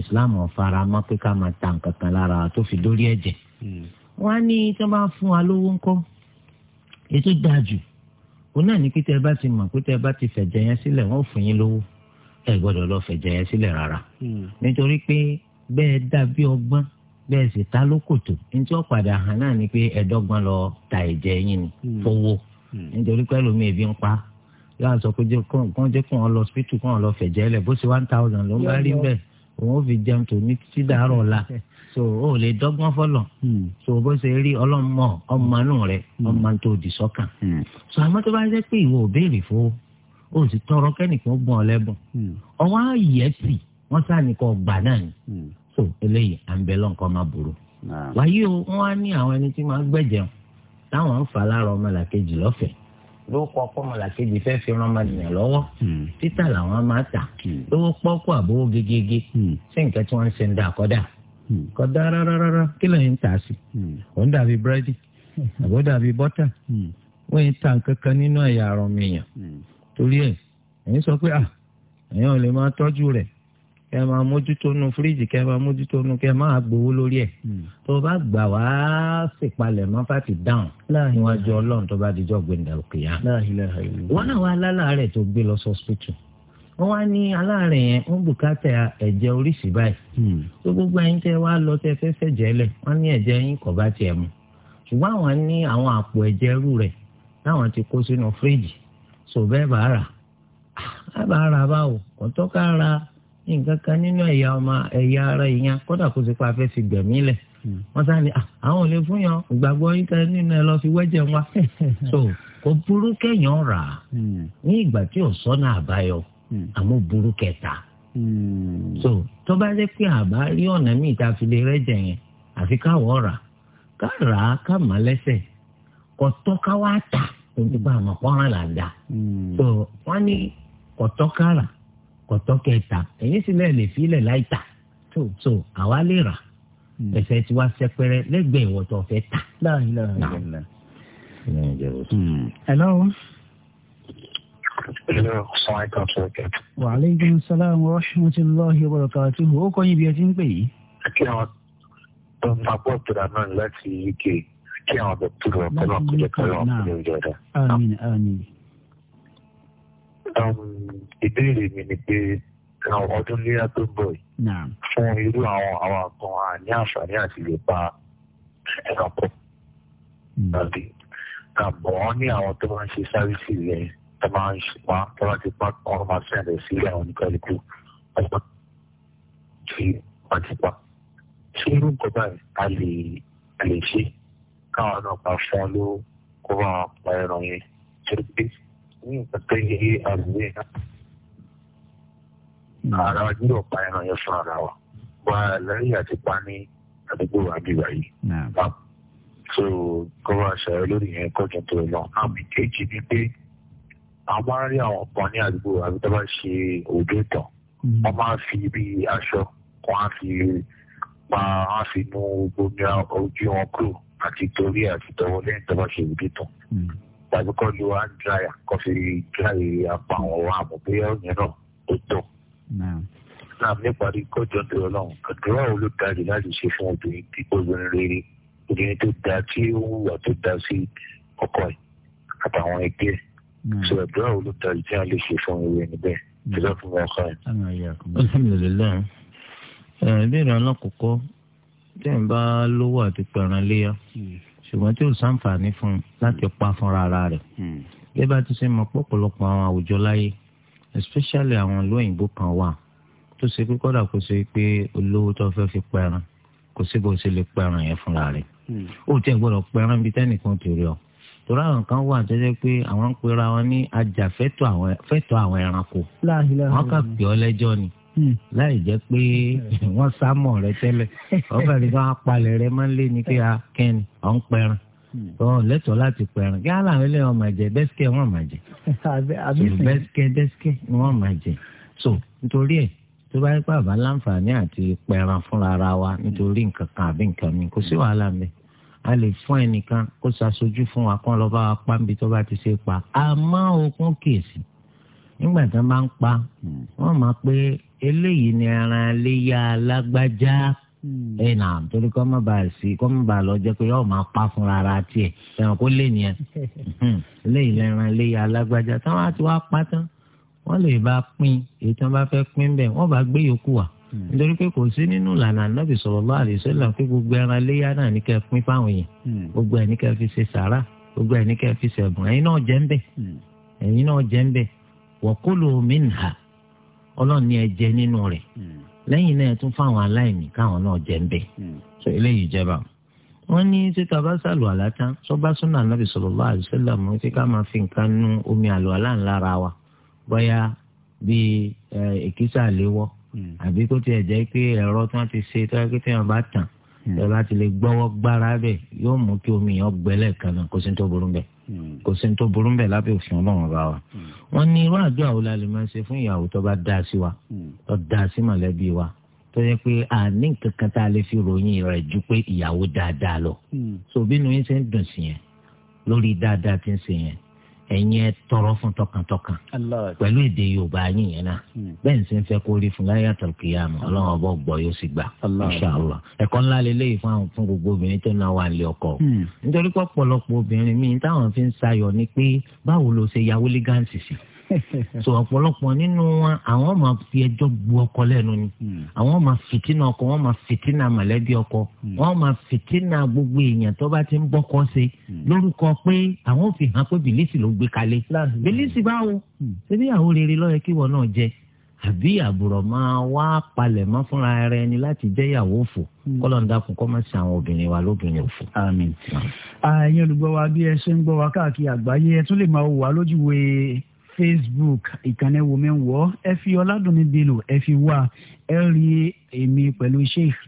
Islam ọ̀fara mọ́ pé ká máa ta nǹkan kan lára tó fi dórí ẹ̀jẹ̀ hmm. wọ́n á ní tí wọ́n bá fún wa lówó ńkọ́ ètò dáa jù òun náà ní pété ẹ bá ti mọ̀ pété ẹ bá ti fẹ̀jẹ̀ yẹn sílẹ̀ wọ́n fún yín lówó ẹ gbọ́dọ̀ lọ fẹ̀jẹ̀ yẹn sílẹ̀ rárá. Hmm. nítorí pé bẹ́ẹ̀ dàbí ọgbọ́n bẹ́ẹ̀ sì ta ló kòtò ntí ó padà hàn náà ni pé ẹ̀dọ́gbọ́n lọ ta ẹ̀jẹ̀ yín ni hmm. fowó hmm. nítorí pé ẹlòmí ebi ń pa yóò sọ pé kàn jẹ́ kàn lọ hospital kàn lọ fẹ̀jẹ̀ lẹ̀ bó ṣe one thousand ló ń bá rí bẹ́ẹ̀ òun ò fi jẹun tòun ní la so o lè dọ́gbọ́n fọlọ̀ hmm. so bó ṣe rí ọlọ́mọ ọmọnú rẹ hmm. ọmọ tó di sọ́kàn hmm. so àmọ́ tó bá jẹ́ pé ìwọ ò béèrè fún o ò sì tọrọ kẹ́nìkan gbọ́n ọ lẹ́bùn ọwọ́ ààyè sì wọ́n sá ní kọ́ náà ni so eléyìí à ń bẹ lọ́nkọ́ máa burú wáyé o wọ́n á ní àwọn ẹni tí máa gbẹ̀jẹun táwọn ń fà lára ọmọlàkejì lọ́fẹ̀ẹ́ ló kọ ọkọ ọmọlàkejì fẹẹ fi ran ọmọnìyàn lọ́wọ́ títà làwọn máa tà lówó pọkọ àbówó gegege sí nǹkan tí wọn ń ṣe ń dà kọdà Hmm. kò dá rárá rárá kí lẹ́yìn tà sí hmm. òun dàbí búrẹ́dì hmm. àbó dàbí bọ́tà wọ́n yìí tà kankan nínú ẹ̀yà àrùn mìíyàn torí ẹ̀ ẹ̀yin sọ pé ah ẹ̀yin ò lè máa tọ́jú rẹ̀ kẹ́ máa mójútó nu fíríjì kẹ́ máa mójútó nu kẹ́ máa gbowó lórí ẹ̀ tó o bá gbà wá ṣèpalẹ̀ mọ́ fàtì dáhùn níwájú ọlọ́run tó bá dijọ́ gbẹ̀ndà òkè yá wọn náà wá lálàá rẹ̀ tó gbé lọ sọ́sítù wọ́n wá ní aláàárẹ̀ yẹn wọ́n bùkátà ẹ̀jẹ̀ oríṣìí báyìí hmm. gbogbo ẹ̀yin tẹ́ wá lọ tẹ́ fẹ́ fẹ̀jẹ̀ lẹ̀ wọ́n ní ẹ̀jẹ̀ yín kò bá tiẹ̀ mu ṣùgbọ́n àwọn ní àwọn àpò ẹ̀jẹ̀ rú rẹ̀ láwọn ti kó sínú fíríjì bẹ́ẹ̀ bá rà á ah, bá rà nínú ẹ̀yà ọmọ ẹ̀yà ara ìyẹn kódà kó ti pa afẹ́ fi gbẹ̀mí lẹ̀ hmm. wọ́n sá ni ah, àwọn ò lè fún yàn ìgbàgbọ́ nínú ẹ lọ fi wẹ́jẹ̀ wa so kò burú hmm. ní ìgbà tí ò Hmm. àmọ́ burú kẹta. Hmm. so tó bá jẹ́ pé àbá rí ọ̀nà míì tá a fi lè rẹ́jẹ̀ yẹn àfi káwọ́ rà ká rà á ká mà lẹ́sẹ̀ kọ̀tọ́ ká wá tà nítorí pé àmọ́ pọ́nrán là ń dà. Hmm. so wọ́n ní kọ̀tọ́ ká rà kọ̀tọ́ kẹta èyí sì lẹ́ẹ̀ lè filẹ̀ láì tà. so àwa lè rà ẹsẹ̀ tí wàá sẹ́pẹ́rẹ́ lẹ́gbẹ̀ẹ́ ìwọ̀tọ̀ fẹ́ tà. Wa alaikum salam wa rahmatullahi wa barakatuh. Ó kọ́ yín bí ẹ ti ń pè yìí. Kí àwọn tó ń papọ̀ tura náà láti UK kí àwọn bẹ̀ tura ọ̀pọ̀ náà kó jẹ́ kọ́lọ́ ọ̀pọ̀ lórí ọ̀dà. Àmín àmín. Ìbéèrè mi ni pé àwọn ọdún léyà tó ń bọ̀ yìí fún irú àwọn àwọn àgbọn àní àǹfààní àti lè pa ẹ̀rọ pọ̀. Tàbí àbọ̀ ní àwọn tó máa ń ṣe sáríṣì rẹ̀ tó máa ń pa tó bá ti pa kọ́ máa ṣẹlẹ̀ sí àwọn oníkálukú ọgbọ́n tí wọ́n ti pa. ṣé irú nǹkan báyìí a lè a lè ṣe káwọn náà pa fún ọ ló kó bá wọn pa ẹran yẹn tó pé ní nǹkan tó yẹ kí àgbẹ̀ yẹn náà ara wa nílò pa ẹran yẹn fún ara wa wà lẹ́yìn àti pa ní àdúgbò àbíwá yìí so kó bá ṣàyẹ̀ lórí yẹn kọjá tó lọ àmì kejì ni pé a máa ń rí àwọn kan ní àdúgbò àbí tó bá ń ṣe òde ìtàn mm. wọ́n máa ń fi bí aṣọ wọ́n á fi pa á fi mú gbóni ojú wọn kúrò àti torí àti tọwọ́ lẹ́yìn tó bá ṣe òde ìtàn mm. tàbí kọ́ lu hand dryer kọ́ fi dry apá àwọn wa mọ̀ bóyá òyìn náà ó tọ̀ náà níparí kọjọ tó Ọlọ́run àdúrà wo ló dájú láti ṣe fún obìnrin tí obìnrin rere obìnrin tó da tí ó wùwà tó da sí ọkọ ẹ̀ àtàwọn ẹgbẹ́ ẹ̀ sọ àdúrà wo ló ta ìdí à lè ṣe fún ìwé níbẹ̀ ìjọba fún mi ọkọ yẹn. alhamdulilayi ìbéèrè alákòókò tí n bá lówó àti pẹ̀ràn léyà hmm. tí ò sàǹfààní fún láti pa fúnra ara rẹ̀ hmm. bí bá ti ṣe mọ pọ̀pọ̀lọpọ̀ àwọn àwùjọ láyé especially àwọn olóyìnbó kan wà tó ṣe pé kọ́dà kó ṣe pé olówó tó fẹ́ fi pẹ̀ràn kò sí bó ṣe lè pẹ̀ràn yẹn fúnra rẹ̀ hmm. ó tiẹ̀ gbọ́dọ̀ pẹ̀ràn bíi tẹ́nìkan ti rí ọ torí àwọn kan wà tó jẹ́ pé àwọn ń pera wọn ní ajàfẹ́tọ̀ àwọn ẹranko wọn kà pè ọ́ lẹ́jọ́ ni hmm. láì jẹ́ pé hmm. wọ́n sá mọ̀ rẹ tẹ́lẹ̀ ọ̀fẹ́ ni wọ́n á rẹ máa ń lé ní pé a kẹ́ni ọ̀ ń pẹran hmm. ọ lẹ́tọ̀ọ́ láti pẹran kí aláwọ ilé wọn máa jẹ bẹsikẹ wọn máa jẹ bẹsikẹ bẹsikẹ wọn máa jẹ so nítorí ẹ tó bá yẹ pé àbá láǹfààní àti pẹran fúnra ara wa nítorí nǹkan kan àbí nǹkan mi kò sí wàhálà mi a lè fún ẹnìkan kó ṣàṣojú fún wa kán lọ́ọ́ wa pa níbi tó bá ti ṣe pa àmọ́ okun kèsì nígbà tí wọ́n bá ń pa wọ́n máa pé eléyìí ni ẹran léyà alágbájá hmm. ẹnà torí kọ́ mọ̀ bá sí kọ́ mọ̀ bá lọ jẹ́ pé yóò máa pa fún ara tiẹ̀ ẹ̀wọ̀n kó lè nìyẹn eléyìí lẹ́ran léyà alágbájá táwọn àti wá pa tán wọ́n lè bá pín èyí tí wọ́n bá fẹ́ pín bẹ́ẹ̀ wọ́n bá gbé yòókù wá. Hmm. nítorí pé kò sí nínú ìlànà anábì sallallahu alaihi wasallam pé gbogbo ẹran náà ní kẹ́ pín fáwọn hmm. gbogbo ẹ̀ ní kẹ́ fi ṣe sàrà gbogbo ẹ̀ ní kẹ́ fi ṣe ẹ̀bùn ẹ̀yin náà jẹ́ ń bẹ̀ hmm. ẹ̀yin náà jẹ́ ń bẹ̀ wa ọlọ́ọ̀ni ẹ nínú rẹ̀ lẹ́yìn náà tún fáwọn aláìní káwọn náà ń bẹ̀ wọn ní bá sàlù àlátá sọba súnà anábì sọlọ ká máa fi nǹkan omi wa bíi Hmm. àbí kó tiẹ̀ jẹ́ pé ẹ̀rọ tí wọ́n ti ṣe tó yẹ kó tiẹ̀ bá tàn ẹ hmm. bá ti lè gbọ́wọ́ gbára bẹ̀ yóò mú kí omi yẹn gbẹ́lẹ̀ kan náà kó sí tó burú bẹ̀ hmm. kó sí tó burú bẹ̀ lábẹ́ òfin ọlọ́run bá wa. wọ́n ní irú àdúrà wo la lè máa ṣe fún ìyàwó tó bá dá sí wa tó dá sí mọ̀lẹ́bí wa tó yẹ pé àní kankan tá a lè fi ròyìn rẹ̀ ju pé ìyàwó dáadáa lọ. so bínú yín ṣe ń dùn sí yẹn lórí dáadáa ti ń ṣe yẹn ẹ̀yin ẹ tọrọ fún tọkàntọkàn pẹ̀lú èdè yorùbá yín yẹn náà hmm. bẹ́ẹ̀ sì ń fẹ́ kó rí fún láyé àtàlùkìyàmù ọlọ́run ọbọ̀ gbọ́ yóò sì gbà inṣàlá ẹ̀kọ́ ńlá lélẹ́yìí fún àwọn fún gbogbo obìnrin tó náà wà lé ọkọ hmm. nítorí pé obìnrin míì táwọn fi ń sayọ̀ ni pé báwo ló ṣe yawó gáǹsì sí so ọ̀pọ̀lọpọ̀ nínú wọn àwọn máa fi ẹjọ́ gbu ọkọ lẹ́nu ni hmm. àwọn máa fìtínà ọkọ wọn máa fìtínà mọ̀lẹ́bí ọkọ hmm. wọn máa fìtínà gbogbo èèyàn tó bá ti ń bọ́kọ ṣe hmm. lórúkọ pé àwọn fi hàn pé bìlísì ló gbé kalẹ̀ bìlísì báwo ṣé bí àwọn rere lọ́yẹ kí wọn náà jẹ àbí àbùrọ̀ máa wá palẹ̀ mọ́ fúnra ara ẹni láti jẹ́ ìyàwó òfò kọ́lọ́ndàkùn kọ́ máa ṣe àwọn obìnrin wa lóbìnrin òfò. àmín. Ah, olùgbọ́ wa bí ẹ ṣe ń gbọ́ wa káàkiri àgbáyé ẹ tún lè máa wà lójúwe facebook ìkànnì wòmí wọ ẹ fi ọládùnní bílò ẹ fi wá ẹ rí èmi pẹ̀lú sheikh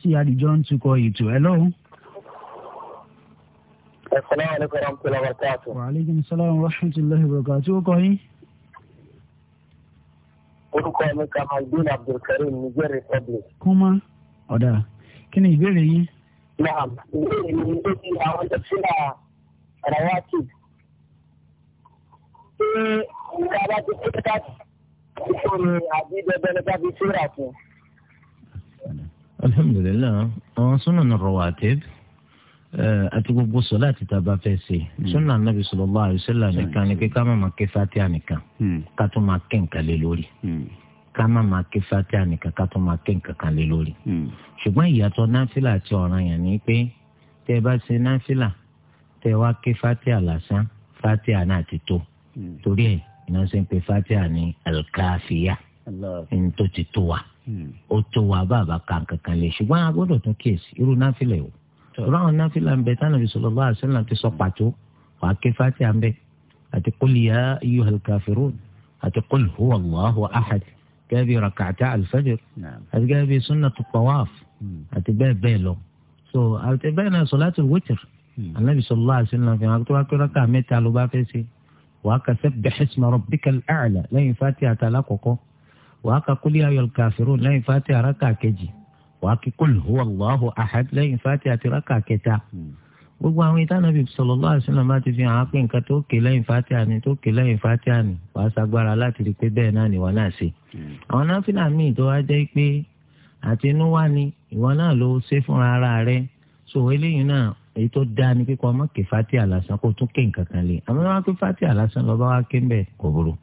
tí àdìjọ ń tukọ̀ ètò ẹ lọ́hùn. asalaamualeykum warahmatulahi wabarakatuh. wa aleykum salaam wa rahmatulahi wabarakatuh. ó kọ́ yín orúkọ mi kamaldin abdulkareem niger republic. kúmọ ọ̀dà kí ni ìbéèrè yín. naam ìbéèrè mi ni pé kí àwọn dókítà rawatib ṣé ìjọba ti kó ká fún mi àbí dandan ní káfí síra fún. alhamdulilayi àwọn súnà ní rawatib àti gbogbo sọlá àti tàbá fẹ́ ṣe hmm. súnà nàbì sallallahu alaihi wasallam nìkan ni pé ká má máa ké fatia nìkan hmm. ká tún máa ké nǹkan lé lórí hmm. ká má máa ké fatia nìkan ká tún máa ké nǹkan lé lórí ṣùgbọ́n ìyàtọ̀ náfìlà àti ọ̀ràn yẹn ni pé tẹ́ bá ṣe náfìlà tẹ́ wá ké fatia lásán fatia náà ti tó. Hmm. torí ẹ̀ iná ṣe ń pe fatia ní alkaafia ní tó ti tó wa hmm. ó tó wa bàbá kan kankan lè ṣùgbọ́n a gbọ́dọ̀ tún kíyèsí irú náfìlẹ̀ o irú àwọn náfìlẹ̀ ń bẹ tánàbí sallallahu alaihi wasallam ti sọ pàtó wàá ké fatia ń bẹ àti qul ya ayyuhal kafirun àti qul huwa allahu ahad gẹ́gẹ́ bí rakata alfajr àti gẹ́gẹ́ bí sunnatu tawaf hmm. àti bẹ́ẹ̀ bẹ́ẹ̀ lọ so àti bẹ́ẹ̀ náà solatul witr anabi sallallahu alaihi wasallam fi hàn tó wá pé rákà mẹ́ta ló bá fẹ́ ṣe wàá ka sabbih isma rabbikal a'la lẹ́yìn fatiha àtàlà kọ̀kọ́ wàá ka qul ya ayyuhal kafirun lẹ́yìn fatiha àràkà kejì wàá kí qul huwa allahu ahad lẹ́yìn fatiha àtìràkà kẹta gbogbo àwọn ìtànàbí sallallahu alaihi wasallam máa ti fi hàn á nǹkan tó ké lẹ́yìn fatiha ni tó ké lẹ́yìn fatiha ni wàá sagbára láti rí i pé bẹ́ẹ̀ náà ni wọ́n náà ṣe. àwọn náfìlà míì tó wá jẹ́ pé àtinúwá ni ìwọ náà ló ṣe fúnra ara rẹ̀ so eléyìí náà èyí tó dáa ni kíkọ ọmọ kè fati alásán kó tún ké nǹkan kan lé àmọ́ wọn kó fati alásán lọ́ba wa ké mbẹ́ kò burú.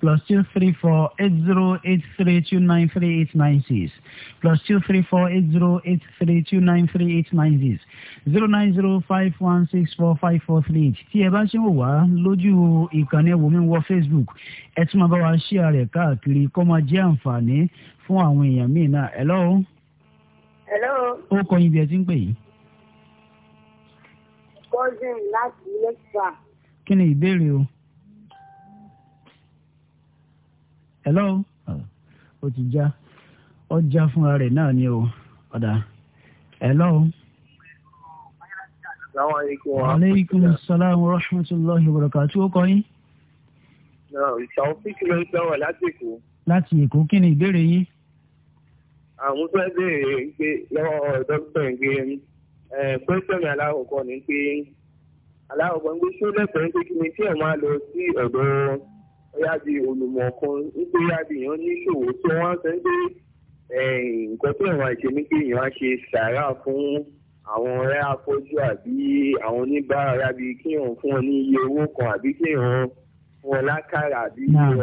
plus two three four eight zero eight three two nine three eight nine six plus two three four eight zero eight three two nine three eight nine six zero nine zero five one six four five four three eight tí ẹ bá ṣe ń wò wá lójú ìkànnì ẹ̀wòmí wọ facebook ẹ tún máa bá wa ṣí ara ẹ̀ káàkiri kó máa jẹ́ àǹfààní fún àwọn èèyàn míì náà hello. hello. ó kọ́ yín bí ẹ ti ń pè yìí gọ́sìn láti lẹ́kìtà. kí ni ìbéèrè o. hello o ti já ó já fúnra rẹ̀ náà ni o ọ̀dà hello. aleykum salaam wa rahmatulahi wa barakatu ó kọ́ yín. ìtàwọn fífi ló ń sọ̀rọ̀ láti èkó. láti èkó kí ni ìbéèrè yín. àwọn fẹ́ bèèrè pé lọ́wọ́ dókítà ń gbé pẹ́ńtẹ́mì alákọ̀ọ́kọ́ ni pé alákọ̀ọ́kọ́ ń gbé ṣó lẹ́sẹ̀ẹ́ pé kí ni tí ẹ̀ máa lọ sí ọ̀dọ̀ ọ̀yá bíi olùmọ̀ kan nígbà yá bíi èèyàn níṣòwò tí wọ́n sọ pé nǹkan tí ẹ̀wọ̀n àìṣe ní pé èèyàn á ṣe sàárà fún àwọn ọ̀rẹ́ afọ́jú àbí àwọn oníbàárà bí kí èèyàn fún wọn ní iye owó kan àbí kí èèyàn fún wọn lákàrà àbí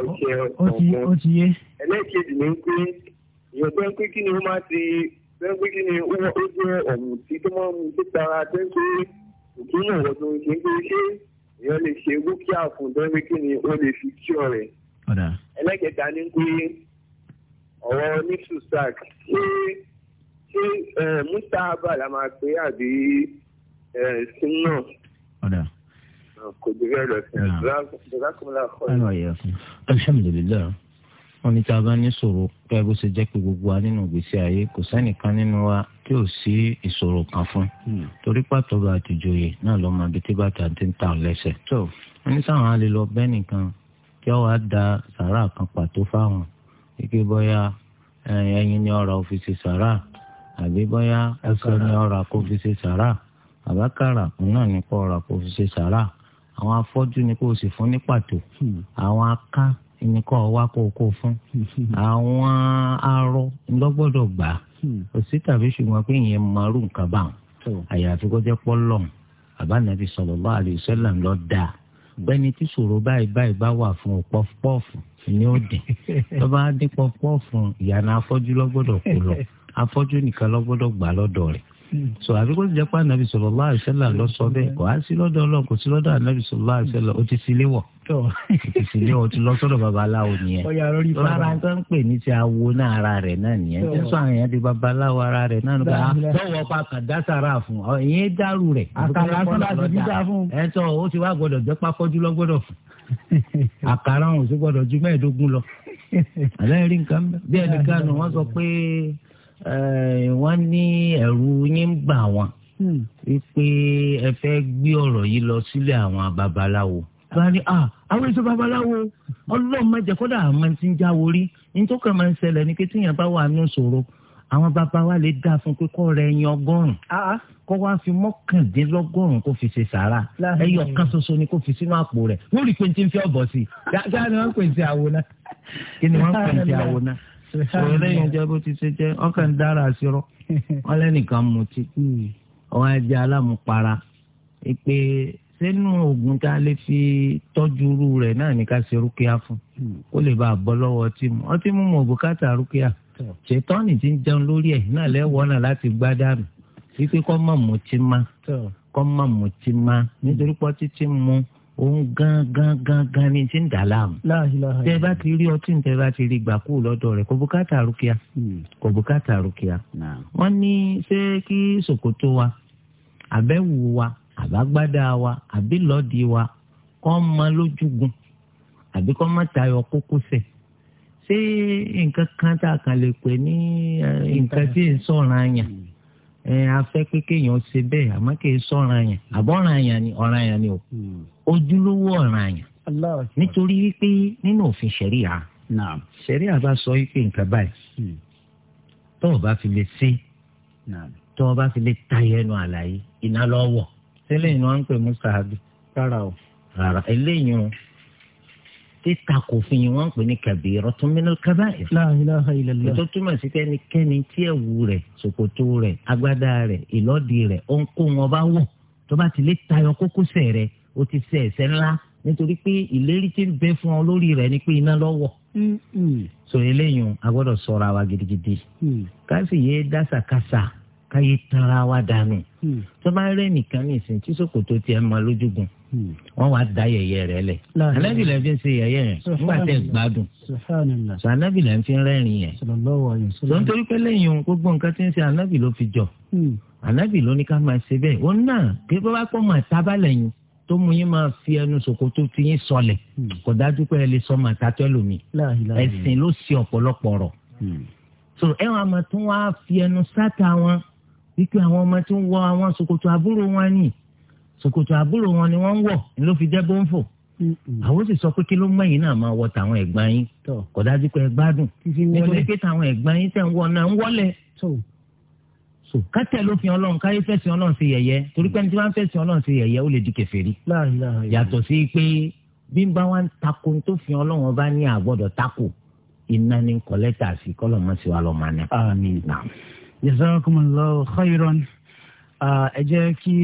ọṣẹ ọ̀kan. ẹlẹ́ẹ̀kejì ni pé èèyàn ń pín kí ni ó máa ti bẹ́ẹ̀ pé kí ni ó jẹ́ ọ̀hún tí tó máa ń mu tó tara tẹ́ pé òkú náà wọ́n tó ń ṣe pé ṣé èèyàn lè ṣe rúkìá fún bẹ́ẹ̀ kí ni ó lè fi kí ọ̀rẹ́. ẹlẹ́kẹta ni pé ọ̀rọ̀ ní susac ṣé ṣé mustapha la máa pè àbí sinna. kò jẹ́ bẹ́ẹ̀ lọ sí ẹ̀ alhamdulilayi wọn ní tí a bá ní ìṣòro kẹ́ bó ṣe jẹ́ pé gbogbo wa nínú ìgbésí ayé kò sẹ́nìkan nínú wa tí ò sí ìṣòro kan fún hmm. torí pàtó bá àtijọ́yè náà lọ́ máa bí tí bàtà ti ń ta lẹ́sẹ̀. tó wọn ní sáwọn alẹ́ lọ bẹ́ẹ̀ nìkan kí wọ́n á da sàrà kan pàtó fáwọn ike bọ́yá ẹyin ni ọ̀rọ̀ òfìsì sàrà àbí bọ́yá ẹsẹ̀ ni ọ̀rọ̀ àkófìsì sàrà àbákàrà náà ní kọ́ ọ̀rọ̀ àkófìsì sàrà àwọn afọ́jú ni kò sì fún ní pàtó hmm. àwọn aká nìkan wá kó kó fún àwọn arọ lọ́gbọ́dọ̀ gbà kò sí tàbí ṣùgbọ́n pé ìyẹn márùn nǹkan bá wọn àyàfi kó jẹ́ pọ́lọ́n àbánabi sallallahu alaihi wasallam ló dáa bẹ́ni tí ṣòro báyìí báyìí bá wà fún ọ pọ́fupọ́ọ̀fù ni ó dín tó bá dín pọ́fupọ́ọ̀fù ìyànà afọ́jú lọ́gbọ́dọ̀ kó lọ afọ́jú nìkan lọ́gbọ́dọ̀ gbà lọ́dọ̀ rẹ̀ so àbíkó ti jẹ́ pé ànábì sallallahu alaihi wasallam lọ sọ bẹ́ẹ̀ kò á sí lọ́dọ̀ Ọlọ́run kò sí lọ́dọ̀ ànábì sallallahu alaihi wasallam ó ti sílé wọ̀ ó ti sílé wọ̀ ó ti lọ sọ́dọ̀ babaláwo nìyẹn rárá ń tán pè ní ti awo náà ara rẹ̀ náà nìyẹn tí ń sọ àwọn èèyàn di babaláwo ara rẹ̀ náà nípa lọ́wọ́ pa kàdásàrà fún ọ ìyẹn dàrú rẹ̀ àkàrà ọ̀hún sí gbọ́dọ̀ ju mẹ́ẹ̀ẹ́dógún lọ àlẹ́ rí nǹkan bẹ́ẹ̀ nìkan nù wọ́n sọ pé Eh, wọ́n ní ẹ̀rù yín ń bà wọ́n hmm. wípé ẹ fẹ́ gbé ọ̀rọ̀ yìí lọ sílé àwọn babaláwo bá ah. ní à àwọn èso babaláwo ọlọ́run mẹ́jẹ kọ́dà àwọn máa ti ń jáwó rí nítòkàn máa ń ṣẹlẹ̀ ní kété yẹn bá wà nínú ìṣòro àwọn bàbá wa lè dá fún pé kọ́ rẹ ẹyin ọgọ́rùn ah. kọ́ wá fi mọ́kàndínlọ́gọ́rùn kó fi ṣe sàrà ẹyọ kan ṣoṣo ni kó fi sínú àpò rẹ̀ wọ́n rí i pé n ti ń fi ọ̀bọ̀ sí i kí ni wọ́n pè ń ti àwo náà sọ̀rọ̀ lẹ́yìn ọjọ́ bó ti ṣe jẹ́ ọkàn ń dára àṣírọ́ wọn lẹ́nìkan mutí hmm. ọ̀hún ẹ̀jẹ̀ alámupara pé sẹ́nu oògùn tá a lè fi tọ́jú irú rẹ̀ náà ní ká ṣe rúkìá fún hmm. kó lè bá a bọ́ lọ́wọ́ ọtí mu ọtí mu mọ̀ bùkátà rúkìá ṣètọ́nì ti ń jẹun lórí ẹ̀ náà lẹ́wọ́ náà láti gbá dànù wípé kọ́ mọ̀ mutí má kọ́ mọ̀ mutí má nítorí pọ́ títí mu òun gan gan gan gan ni ti ń dà láàmú. tẹ bá ti rí ọtí tẹ bá ti rí gbà kú lọ́dọ̀ rẹ̀ kò bùkátà rúkìá hmm. kò bùkátà rúkìá. wọ́n ní ṣé kí ṣòkòtò wa àbẹ̀wò wa àbágbádá wa àbílọ́ọ̀dì wa kọ́ mọ lójúgun àbí kọ́ mọ tayọ kókósẹ̀ ṣé nǹkan kan tá a kan lè pè ní nǹkan tí ń sọ̀ràn yàn. Hmm ẹ afẹ́ pé kéèyàn ṣe bẹ́ẹ̀ àmọ́ kì í sọ̀ràn àyàn àbọ̀ ọ̀ràn àyàn ni ọ̀ràn àyàn ni o hmm. ojúlówó ọ̀ràn àyàn nítorí wípé nínú òfin ṣẹ̀ríà ṣẹ̀ríà bá sọ wípé nǹkan báyìí hmm. tó o bá fi lè ṣe tó o bá fi lè tayọ ẹnu àlàyé ìnálọ́wọ̀ tẹ́lẹ̀ ni wọ́n ń pè mú sàábì rárá o rárá eléyìí títa kò fi yín wọn pè ní kabiratun minal kaba'ir. la ilaha illallah. ètò túmọ̀ sí pé ẹnikẹ́ni tí ẹ̀wù rẹ̀ ṣòkòtò rẹ̀ agbádá rẹ̀ ìlọ́dì rẹ̀ ó ń wọ̀ tó bá ti lè tayọ kókósẹ̀ rẹ̀ o ti ṣe ẹ̀ṣẹ̀ ńlá nítorí pé ìlérí tí ń bẹ fún ọ lórí rẹ̀ ni pé iná lọ́wọ́. sọ eléyìí a gbọ́dọ̀ ṣọ́ra wa gidigidi. Mm. ká sì yé dásàkásà ká yé tara wa dànù. Mm. tó bá rẹ́ nìkan nìsín tí ṣòkòtò tiẹ̀ wọn wá da yẹ̀yẹ́ rẹ̀ lẹ̀ anabi lẹ fi ṣe yẹ̀yẹ́ yẹn nígbà tẹ gbádùn sọ anabi lẹ fi rẹ́rìn yẹn sọ nítorí pé lẹ́yìn ohun gbogbo nǹkan tí ń ṣe anabi ló fi jọ anabi hmm. ló ní ká máa ṣe bẹ́ẹ̀ òun náà kí bá bá pọ̀ máa tábà lẹ́yìn tó mú yín máa fi ẹnu ṣòkòtò tí yín sọlẹ̀ hmm. kò dájú pé ẹ lè sọ màá tatọ́ ẹlòmí ẹ̀sìn ló ṣe ọ̀pọ̀lọpọ̀ rọ̀ hmm. so ẹ wọn a máa tún wá fi ẹnu sáta wọn wípé àwọn ọmọ tí ń wọ àwọn ṣòkòtò àbúrò wọn nìyí ṣòkòtò àbúrò wọn ni wọ́n ń wọ̀ ni ló fi jẹ́ bọ́ńfò àwọn sì sọ pé kí ló mọ yìí náà máa wọ tàwọn ẹ̀gbọ́n yín kò dájú pé ẹ gbádùn nítorí pé tàwọn ẹ̀gbọ́n yín tẹ̀ ń wọ náà ń wọlé kátẹ ló fi Ọlọ́run káyé fẹsẹ̀ Ọlọ́run sí yẹ̀yẹ́ torí pé ní tí wọ́n fẹsẹ̀ Ọlọ́run sí yẹ̀yẹ́ ó lè di kèfèrí yàtọ̀ sí pé bí n bá wá ń tako tó fi Ọlọ́run ọba ní àgbọ́dọ̀ tako iná ní kọlẹta sí kọlọmọsí wa lọ máa ní. Àmín ẹ jẹ́ kí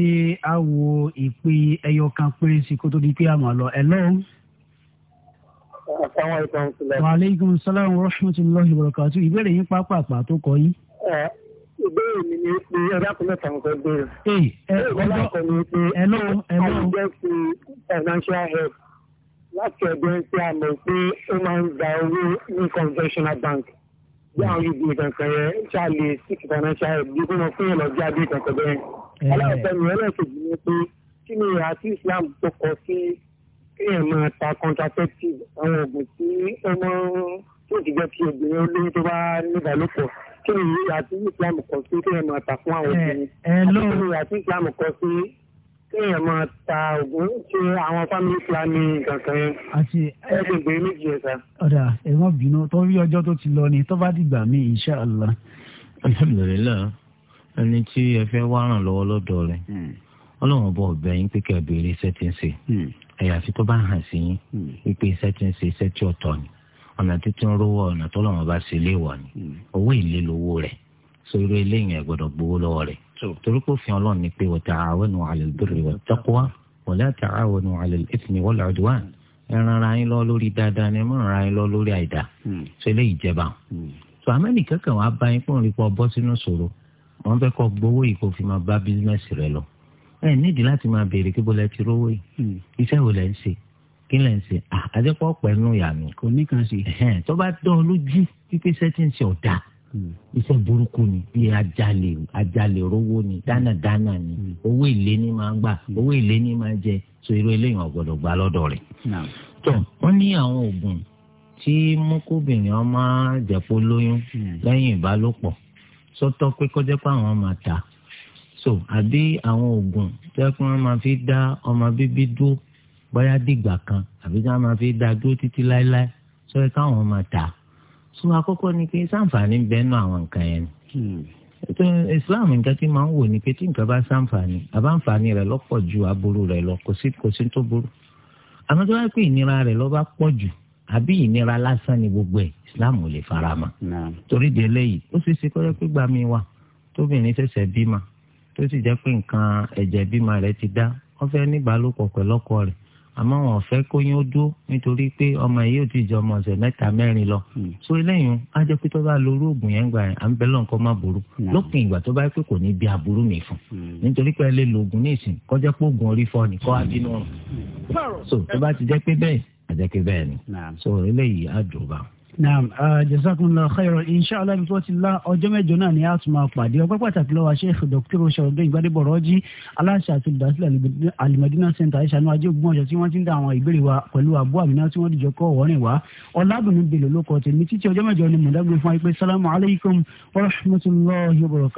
a wo ìpè ẹyọ kan péré sí kó tó di pé a máa lọ ẹ lọ́wọ́. wa aleykum salaam wa rahmatulahi wa barakatu ìbéèrè yín pápápá tó kọ yín. ìbéèrè mi ni pé ọjà kan mẹ́ta nǹkan béèrè. ee ẹ ọjọ́ ẹ lọ́wọ́ ẹ lọ́wọ́. àwọn jẹ́ ti financial help láti ọ̀dọ̀ tí a mọ̀ pé ó máa ń gba owó ní conventional bank bí àwọn ibi kankan yẹn ṣáàlì six financial help bí wọ́n fún yẹn lọ bí adé kankan bẹ́ẹ̀. aláìsàn yẹn lẹ́sẹ̀jì ni pé kí ni ìhà tí Islam tó kọ sí kéèyàn máa ta contraceptive àwọn oògùn tí ọmọ tó ti jẹ́ kí obìnrin olóyún tó bá níbàlòpọ̀ kí ni ìhà Islam kọ sí kéèyàn máa ta fún àwọn obìnrin àti kí ni ìhà Islam kọ sí kéèyàn máa ta oògùn ṣe àwọn family planning kankan yẹn. àti ẹgbẹgbẹ méjì ẹ̀ta. ọ̀dà ẹ̀wọ̀n bínú tó rí ọjọ́ tó ti lọ ni tó bá dìgbà mí insha Allah. alhamdulillah ẹni tí ẹ fẹ́ wá ràn lọ́wọ́ lọ́dọ̀ rẹ̀ hmm. ọlọ́run bọ̀ ọ̀bẹ yín pé kẹ́ ẹ béèrè iṣẹ́ tí ń ṣe hmm. àyàfi tó bá hàn sí yín hmm. wípé iṣẹ́ tí ń ṣe iṣẹ́ tí ọ̀tọ̀ ni ọ̀nà títí ń rówó ọ̀nà tó lọ́wọ́ bá ṣe léèwọ̀ ni owó ìlélówó rẹ̀ sórí eléyìí ẹ̀ gbọ́dọ̀ gbowó lọ́wọ́ rẹ̀ torí kò fi ọlọ́run ni pé wa ta'awanu 'ala al-birri wat-taqwa wa la ta'awanu 'ala al-ithmi wal-'udwan ẹran ra yín lọ lórí dáadáa ni mọ̀ ra yín lọ lórí àìdá ṣe hmm. lè jẹba tó hmm. amẹ́ni kankan wàá bá yín fún ìrìpọ̀ bọ́ sínú ṣòro wọ́n fẹ́ kọ́ gbowó yìí kó fi máa bá bísíǹnẹ́sì rẹ lọ ẹ nídìí láti máa béèrè kí bọ́lá ti rówó yìí hmm. kí lẹ́ ṣe àdẹ́pọ̀ pẹ̀lú ìyànú. kò ní kan ṣe. tó bá dán ọ lójú pípé sẹ́tí ọ̀dà iṣẹ́ burúkú ni bí ajalè ajalè rówó ni dánadáná ni hmm. owó èlé ni máa ń gbà hmm. owó èlé ni máa ń jẹ so irú eléyìí wọn gbọ́dọ̀ gbà lọ́dọ̀ rẹ̀. tó wọn ní àwọn oògùn tí mọ́kóbìnrin ọmọ àjẹpọ̀ lóyún hmm. lẹ́yìn ìbálòpọ̀ sọ́tọ̀ pé kọjá pé àwọn máa ta so àbí àwọn oògùn tẹ́ pé wọ́n máa fi dá ọmọ bíbí dúró bóyá dìgbà kan àbí tí wọ́n máa fi dá dúró títí láéláé sọ́yẹ́ káwọn máa so àkọ́kọ́ ni pé sáǹfààní bẹ́ẹ̀ nù àwọn nǹkan yẹn hmm. ètò islam nǹkan tí máa ń wò ni pé tí nǹkan bá sáǹfààní àbáǹfààní rẹ̀ lọ́pọ̀ ju aburú rẹ̀ lọ kò sí kò sí tó burú àmọ́ tó bá pé ìnira rẹ̀ lọ bá pọ̀ jù àbí ìnira lásán ni gbogbo ẹ̀ islam ò lè fara mọ́ torí di eléyìí ó sì ṣe kọ́jọ́ pé gbàmí wa tóbìnrin ṣẹ̀ṣẹ̀ bímọ tó sì jẹ́ pé nǹkan ẹ̀jẹ̀ bímọ rẹ̀ ti dá wọ́n fẹ́ níbàálòpọ̀ pẹ̀lọ́kọ rẹ̀ àmọ́ wọn fẹ́ kó yín ó dúró nítorí pé ọmọ yìí ò ti jẹ ọmọ ọ̀sẹ̀ mẹ́ta mẹ́rin lọ. Hmm. so eléyìí á jẹ́ pé tó bá lo orú oògùn yẹn gbà yẹn à ń bẹ́ lọ́nkọ́ má burú hmm. lópin ìgbà tó bá yẹ pé kò ní bí aburú mi fún hmm. nítorí pé ẹ lè lo oògùn ní ìsìn kọjá pé oògùn orí fọ́ ni kọ́ abínú ọ̀rùn. so tó bá ti jẹ́ pé bẹ́ẹ̀ àjẹ́ pé bẹ́ẹ̀ ni so eléyìí á dùn bá naam uh, jazakumullahu khairan inshallah ibi tó ti la ọjọ́ mẹ́jọ náà ni a tún máa pàdé ọpẹ́ pàtàkì lọ́wọ́ sheikh dr oṣorodun ìgbàdébọ̀ rọ́jí aláṣẹ àti olùdásílẹ̀ alimadina center ìṣànú ajé ogun ọ̀ṣọ́ tí wọ́n ti ń da àwọn ìbéèrè wa pẹ̀lú abu amina tí wọ́n dìjọ kọ́ wọ́rin wa ọ̀làdùnú bèlò ló kọ́ tèmi títí ọjọ́ mẹ́jọ ni mọ̀dágbé fún wa pé sálámù alaykum wa rahmatulahi wa barakatuh.